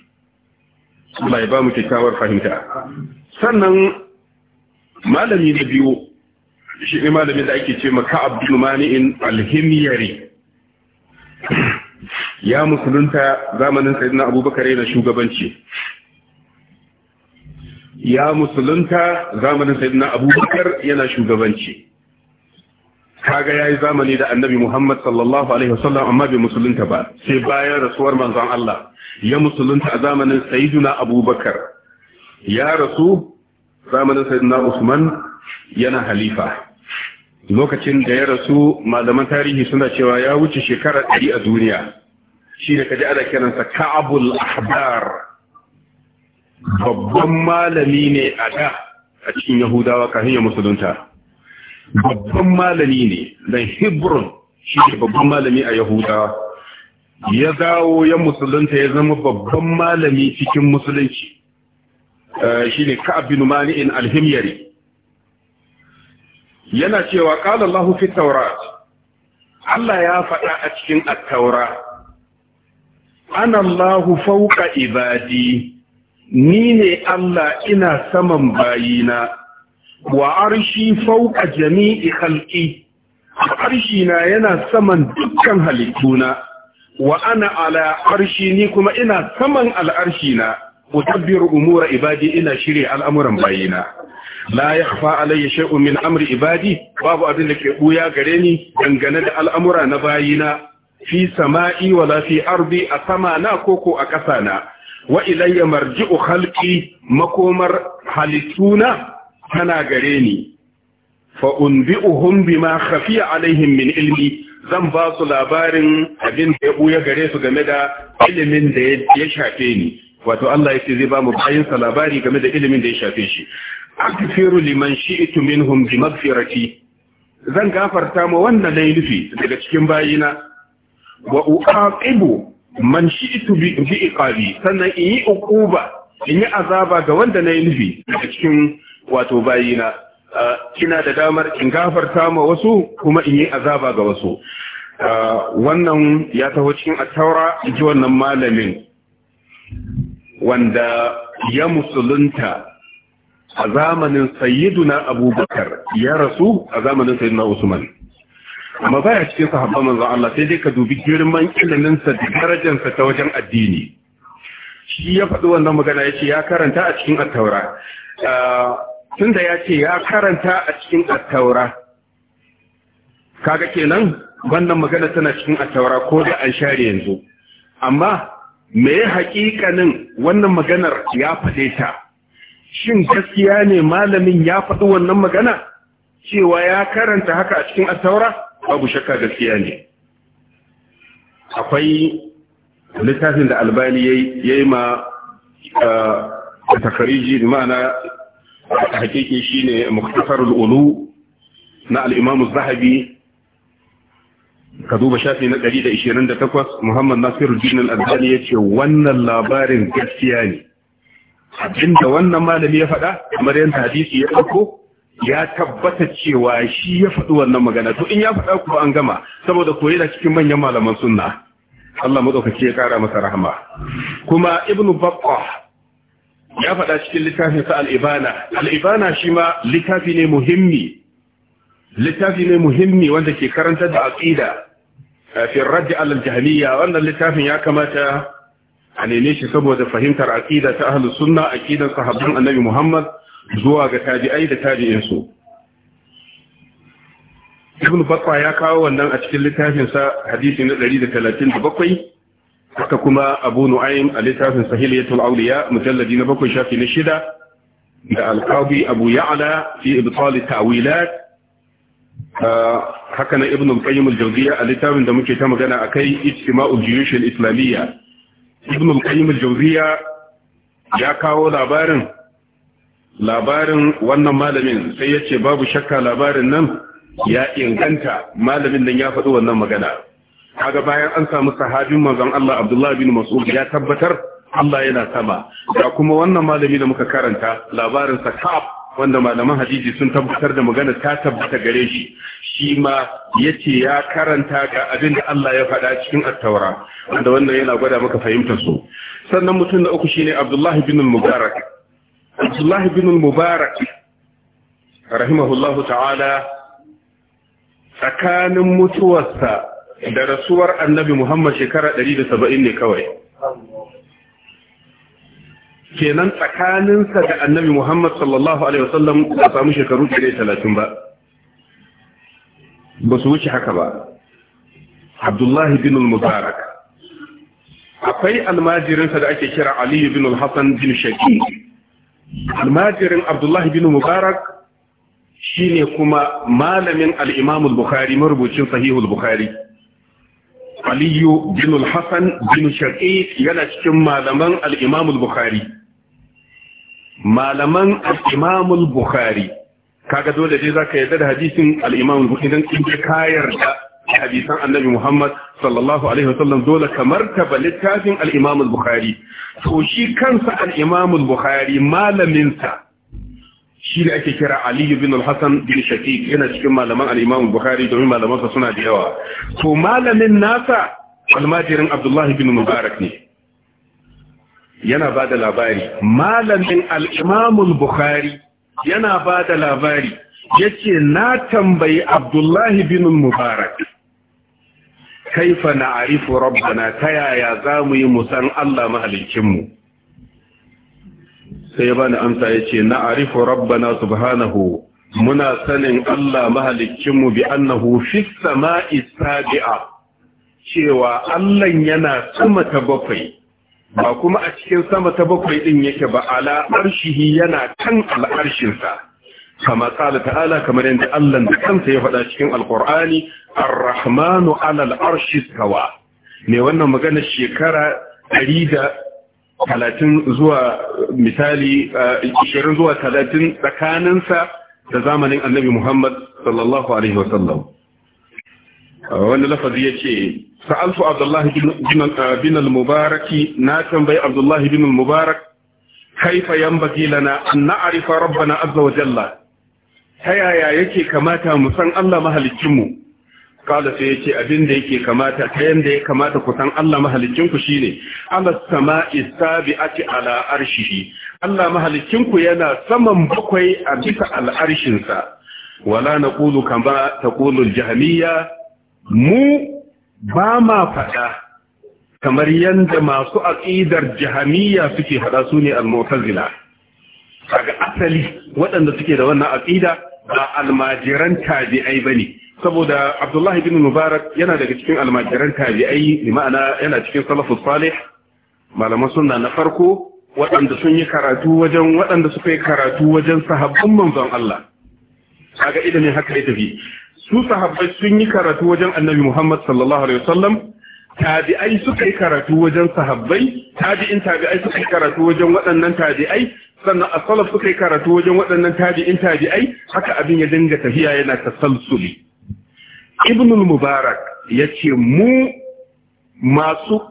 Allah ya ba mu kyakkyawar fahimta sannan malami na biyu shi ne malamin da ake ce maka Abdul Mani'in al-Himyari ya musulunta zamanin sayyidina Abubakar yana shugabanci ya musulunta zamanin sayyidina abubakar yana shugabanci kaga yayi zamani da annabi Muhammad sallallahu alaihi wasallam amma bai musulunta ba sai bayan rasuwar manzon Allah ya musulunta a zamanin sayyiduna Abubakar ya rasu zamanin sayyidina Usman yana halifa lokacin da ya rasu malaman tarihi suna cewa ya wuce shekara 100 a duniya shi da kaji ana kiransa Ka'abul Ahbar babban malami ne a da a cikin yahudawa kafin ya musulunta babban malami ne dan hebron shi ne babban malami a yahudawa ya dawo ya musulunta ya zama babban malami cikin musulunci eh, shi ne ka'abinu mani'in alhimyari yana cewa ƙala Allah fi taurat Allah ya faɗa a cikin at-taura ana Allah fawqa ibadi ni ne Allah ina saman bayina wa arshi fauka jami'i halki na yana saman dukkan halittuna wa ana ala arshi ni kuma ina saman al'arshina mutabbiru umura ibadi ina shirya al'amuran bayina la yakhfa alayya shay'un min amri ibadi babu abin da ke buya gare ni dangane da al'amura na bayina fi sama'i wala fi ardi a sama na koko a ƙasa na wa ilayya marji'u khalqi makomar halittuna tana gare ni fa unbi'uhum bima khafiya alaihim min ilmi zan ba su labarin abin da ya buya gare su game da ilimin da ya shafe ni wato Allah ya ce zai ba mu bayin sa labari game da ilimin da ya shafe shi akfiru liman shi'tu minhum bi maghfirati zan gafarta ma wannan laifi daga cikin bayina wa uqaqibu man shi itu bi iqabi sannan in yi uquba in yi azaba ga wanda na yi nufi daga cikin wato bayina kina ah, da damar in gafarta ma wasu kuma in yi azaba ga wasu ah, wannan ya taho cikin attaura ji wannan malamin wanda ya musulunta a zamanin sayyiduna abubakar ya rasu a zamanin sayyiduna usman amma baya cikin sahabban manzon Allah sai dai ka dubi girman ilimin sa da darajar ta wajen addini shi ya faɗi wannan magana yace ya karanta a cikin at-taura ah, tunda yace ya karanta a cikin at-taura kaga kenan wannan magana tana cikin at-taura ko da an share yanzu amma me hakikanin wannan maganar ya faɗe ta shin gaskiya ne malamin ya faɗi wannan magana cewa ya karanta haka a cikin at-taura babu shakka gaskiya ne akwai littafin da albani ya yi ma a uh, takariji ma'ana a hakiki shi ne muktasar al'ulu na al'imamu zahabi ka duba shafi na 128 muhammad nasiru jinin albani ya ce wannan labarin gaskiya ne abinda wannan malami ya faɗa kamar yadda hadisi ya ɗauko ya tabbata cewa shi ya faɗi wannan magana to in ya faɗa ku an gama saboda koyi da cikin manyan malaman sunna Allah madaukaki ya kara masa rahama kuma ibnu baqqa ya faɗa cikin littafin sa al-ibana al-ibana shi ma littafi ne muhimmi littafi ne muhimmi wanda ke karantar da aqida eh, fi ar-radd ala al-jahmiyya wannan littafin ya kamata a neme shi saboda fahimtar aqida ta ahlus sunna aqidan sahabban annabi Muhammad zuwa ga tabi'ai da tabi'insu ibn Bakka ya kawo wannan a cikin littafinsa hadisi na 137 haka kuma abu a littafin sahihiyatul auliya mujalladi na bakwai shafi na shida. da alqabi abu ya'la fi ibtal ta'wilat ah, haka na ibn qayyim al-jawziyya a littafin da muke ta magana akai ijtima'ul juyush al-islamiyya ibn qayyim al-jawziyya ya kawo labarin labarin wannan malamin sai ya ce babu shakka labarin nan ya inganta malamin nan ya faɗi wannan magana Haga bayan an samu sahabin mazan Allah Abdullah bin Mas'ud ya tabbatar Allah yana sama ga kuma wannan malami da muka karanta labarin sa kaf wanda malaman Hadiji sun tabbatar da magana ta tabbata gare shi shi ma yace ya karanta ga abin da Allah ya faɗa cikin attaura. wanda wannan yana gwada maka fahimtar su sannan mutum na uku shine Abdullahi bin Mubarak Abdullah bin Mubarak rahimahullahu ta'ala tsakanin mutuwarsa da rasuwar Annabi Muhammad shekara 170 ne kawai kenan tsakaninsa da Annabi Muhammad sallallahu alaihi wasallam ba samu shekaru 130 ba ba su wuce haka ba Abdullahi bin Mubarak akwai almajirinsa da ake kira Aliyu bin Hassan bin Shakir almajirin abdullahi bin mubarak shine kuma malamin al'imamul al-bukhari marubucin sahihul bukhari aliyu bin al-hasan bin yana cikin malaman al al-bukhari malaman al al-bukhari kaga dole dai zaka yarda da hadisin al-imam al-bukhari dan kayar ka yarda hadisan annabi Muhammad sallallahu alaihi wasallam dole kamar taba littafin al-Imam al-Bukhari to shi kansa al-Imam al-Bukhari malamin sa shi ne ake kira Ali ibn al-Hasan bin Shaqiq yana cikin malaman al-Imam al-Bukhari domin malamansa suna da yawa to malamin nasa almajirin Abdullah ibn Mubarak ne yana bada labari malamin al-Imam al-Bukhari yana bada labari yace na tambayi Abdullahi ibn Mubarak kaifa na arifu rabbana ta yaya za mu yi musan Allah mahalicinmu sai bani amsa ya ce na arifu rabbana subhanahu muna sanin Allah mahalicinmu bi annahu fi sama'i sabi'a cewa Allah yana sama ta bakwai ba kuma a cikin sama ta bakwai din yake ba ala arshihi yana kan al'arshinsa kama qala ta'ala kamar yadda Allah da kansa ya faɗa cikin alqur'ani ar-rahmanu 'ala arshi istawa ne wannan magana shekara 130 zuwa misali 20 zuwa 30 tsakaninsa da zamanin Annabi Muhammad sallallahu alaihi wasallam Wani lafazi ya ce, sa'altu Abdullahi bin al-Mubarak na tambayi Abdullahi bin al-Mubarak kaifa yanbaghi lana an na'rifa rabbana azza wa jalla ta yaya yake kamata mu san Allah mahalicinmu Kada sai yake abin da yake kamata ta yanda ya kamata ku san Allah mahalicinku shine Allah sama'i sabi'ati ala arshihi Allah ku yana saman bakwai a bisa al'arshinsa wala naqulu kama taqulu al mu ba ma fada kamar yanda masu aqidar jahmiya suke hada su ne al-mu'tazila kaga asali waɗanda suke da wannan aqida ba almajiran tabi'ai bane saboda Abdullah ibn Mubarak yana daga cikin almajiran tabi'ai bi ma'ana yana cikin salafus salih malaman sunna na farko waɗanda sun yi karatu wajen waɗanda suka yi karatu wajen sahabban manzon Allah kaga idan ne haka ya tafi su sahabbai sun yi karatu wajen Annabi Muhammad sallallahu alaihi wasallam tabi'ai suka yi karatu wajen sahabbai tabi'in tabi'ai suka yi karatu wajen waɗannan tabi'ai sannan asalaf suka yi karatu wajen waɗannan tabi'in tabi'ai haka abin ya dinga tafiya yana tasalsuli ibn mubarak ya ce mu masu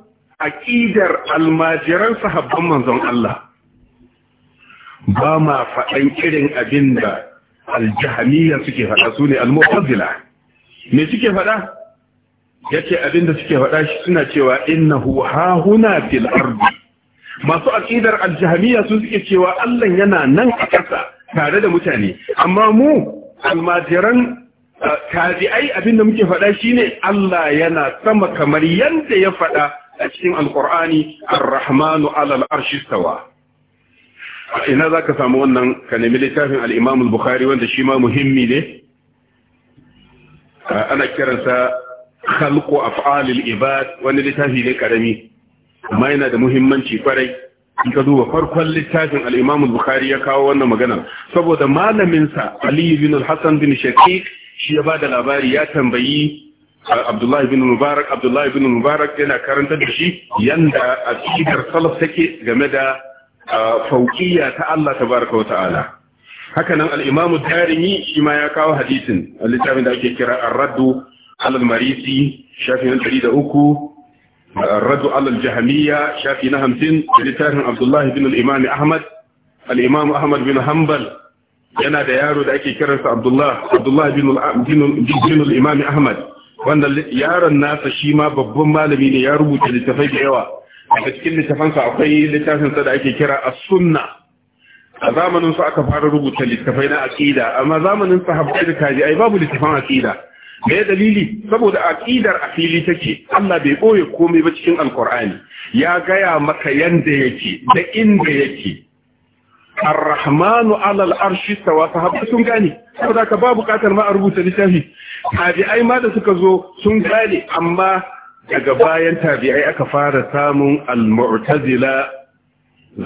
aƙidar almajiran sahabban manzon Allah ba ma faɗan irin abin da suke faɗa su ne me suke faɗa yace abin da suke faɗa shi suna cewa innahu hahuna fil ardi masu aƙidar aljahamiya sun suke cewa Allah yana nan a ƙasa tare da mutane amma mu almajiran tabi'ai abinda muke faɗa shine Allah yana sama kamar yadda ya faɗa a cikin alƙur'ani ar-rahmanu alal arshi stawa ina zaka samu wannan ka nemi littafin Al'imamul imam bukhari wanda shi ma muhimmi ne ana kiransa khalqu af'alil ibad wani littafi ne karami amma yana da muhimmanci kwarai in ka duba farkon littafin al bukhari ya kawo wannan magana saboda malamin sa Ali ibn al bin Shaqiq shi ya ba da labari ya tambayi Abdullahi bin Mubarak Abdullahi bin Mubarak yana karantar da shi yanda aqidar salaf take game da fauqiyya ta Allah baraka wa ta'ala Hakanan nan al'imamu shima shi ma ya kawo hadisin littafin da ake kira arraddu alal marisi shafin uku, الرد على الجهمية شافي نهمتين لتاهم littafin الله بن الإمام أحمد الإمام أحمد بن حنبل yana da yaro da ake kiransa Abdullah Abdullah bin Ahmad wanda yaron nasa shi ma babban malami ne ya rubuta littafai da yawa a cikin littafansa akwai littafinsa da ake kira As-Sunna a zamaninsu aka fara rubuta littafai na aƙida, amma zamanin sahabbai da tabi'ai babu littafan aƙida. me dalili saboda aqidar a fili take Allah bai boye komai ba cikin alqur'ani ya gaya maka yanda yake da inda yake arrahmanu ala al'arshi tawa sahabbai sun gane saboda ka ba bukatar ma a rubuta littafi tabi'ai ma da suka zo sun gane amma daga bayan tabi'ai aka fara samun al-mu'tazila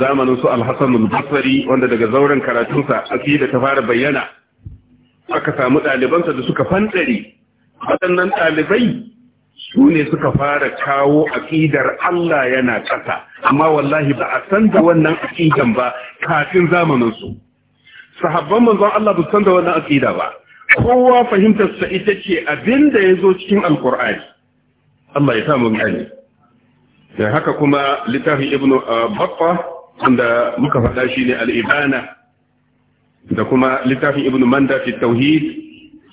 zamanin su al-hasan al-basri wanda daga zauren karatunsa akida ta fara bayyana aka samu ɗalibansa da suka fantsare waɗannan ɗalibai su ne suka fara kawo aƙidar Allah yana ƙasa amma wallahi ba a san da wannan aƙidan ba kafin zamaninsu sahabban manzon Allah ba san da wannan aƙida ba kowa fahimtarsa ita ce abin da ya zo cikin alkur'ani Allah ya samu gani da haka kuma littafin ibnu ah, babba wanda muka faɗa shi ne al'ibana da kuma littafin ibnu manda fi tauhid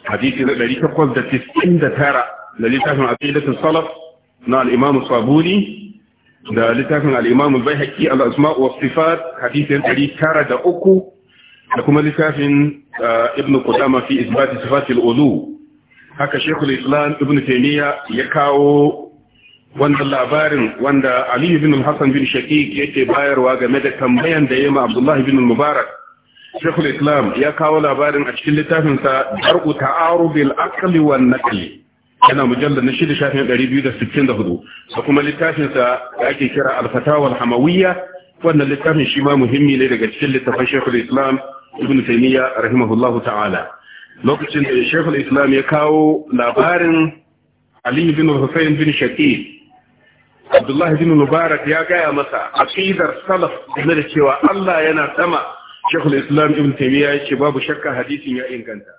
hadisi na takwas da tisin da tara da littafin aqidatul salaf na al-imam sabuni da littafin al-imam al-baihaqi al-asma wa sifat hadisi na tara da uku da kuma littafin eh, ibn qudama fi isbat sifat al haka shekul islam ibn taymiya ya kawo wanda labarin wanda ali ibn al-hasan bin shaqiq yake bayarwa game da tambayan da yayi ma abdullahi ibn mubarak shekul islam ya kawo labarin a cikin littafinsa dar'u ta'arubil aqli wa naqli yana mujallar na shida shafin 264 da kuma littafinsa da ake kira al-fatawa al-hamawiyya wannan littafin shi ma muhimmi ne daga cikin littafin shekul islam ibn taymiya rahimahullahu ta'ala lokacin da shekul islam ya kawo labarin ali bin husayn bin shaqiq abdullahi bin mubarak ya gaya masa aqidar salaf da cewa Allah yana sama shekul islam ibn taimiyya ya ce babu shakka hadisin ya inganta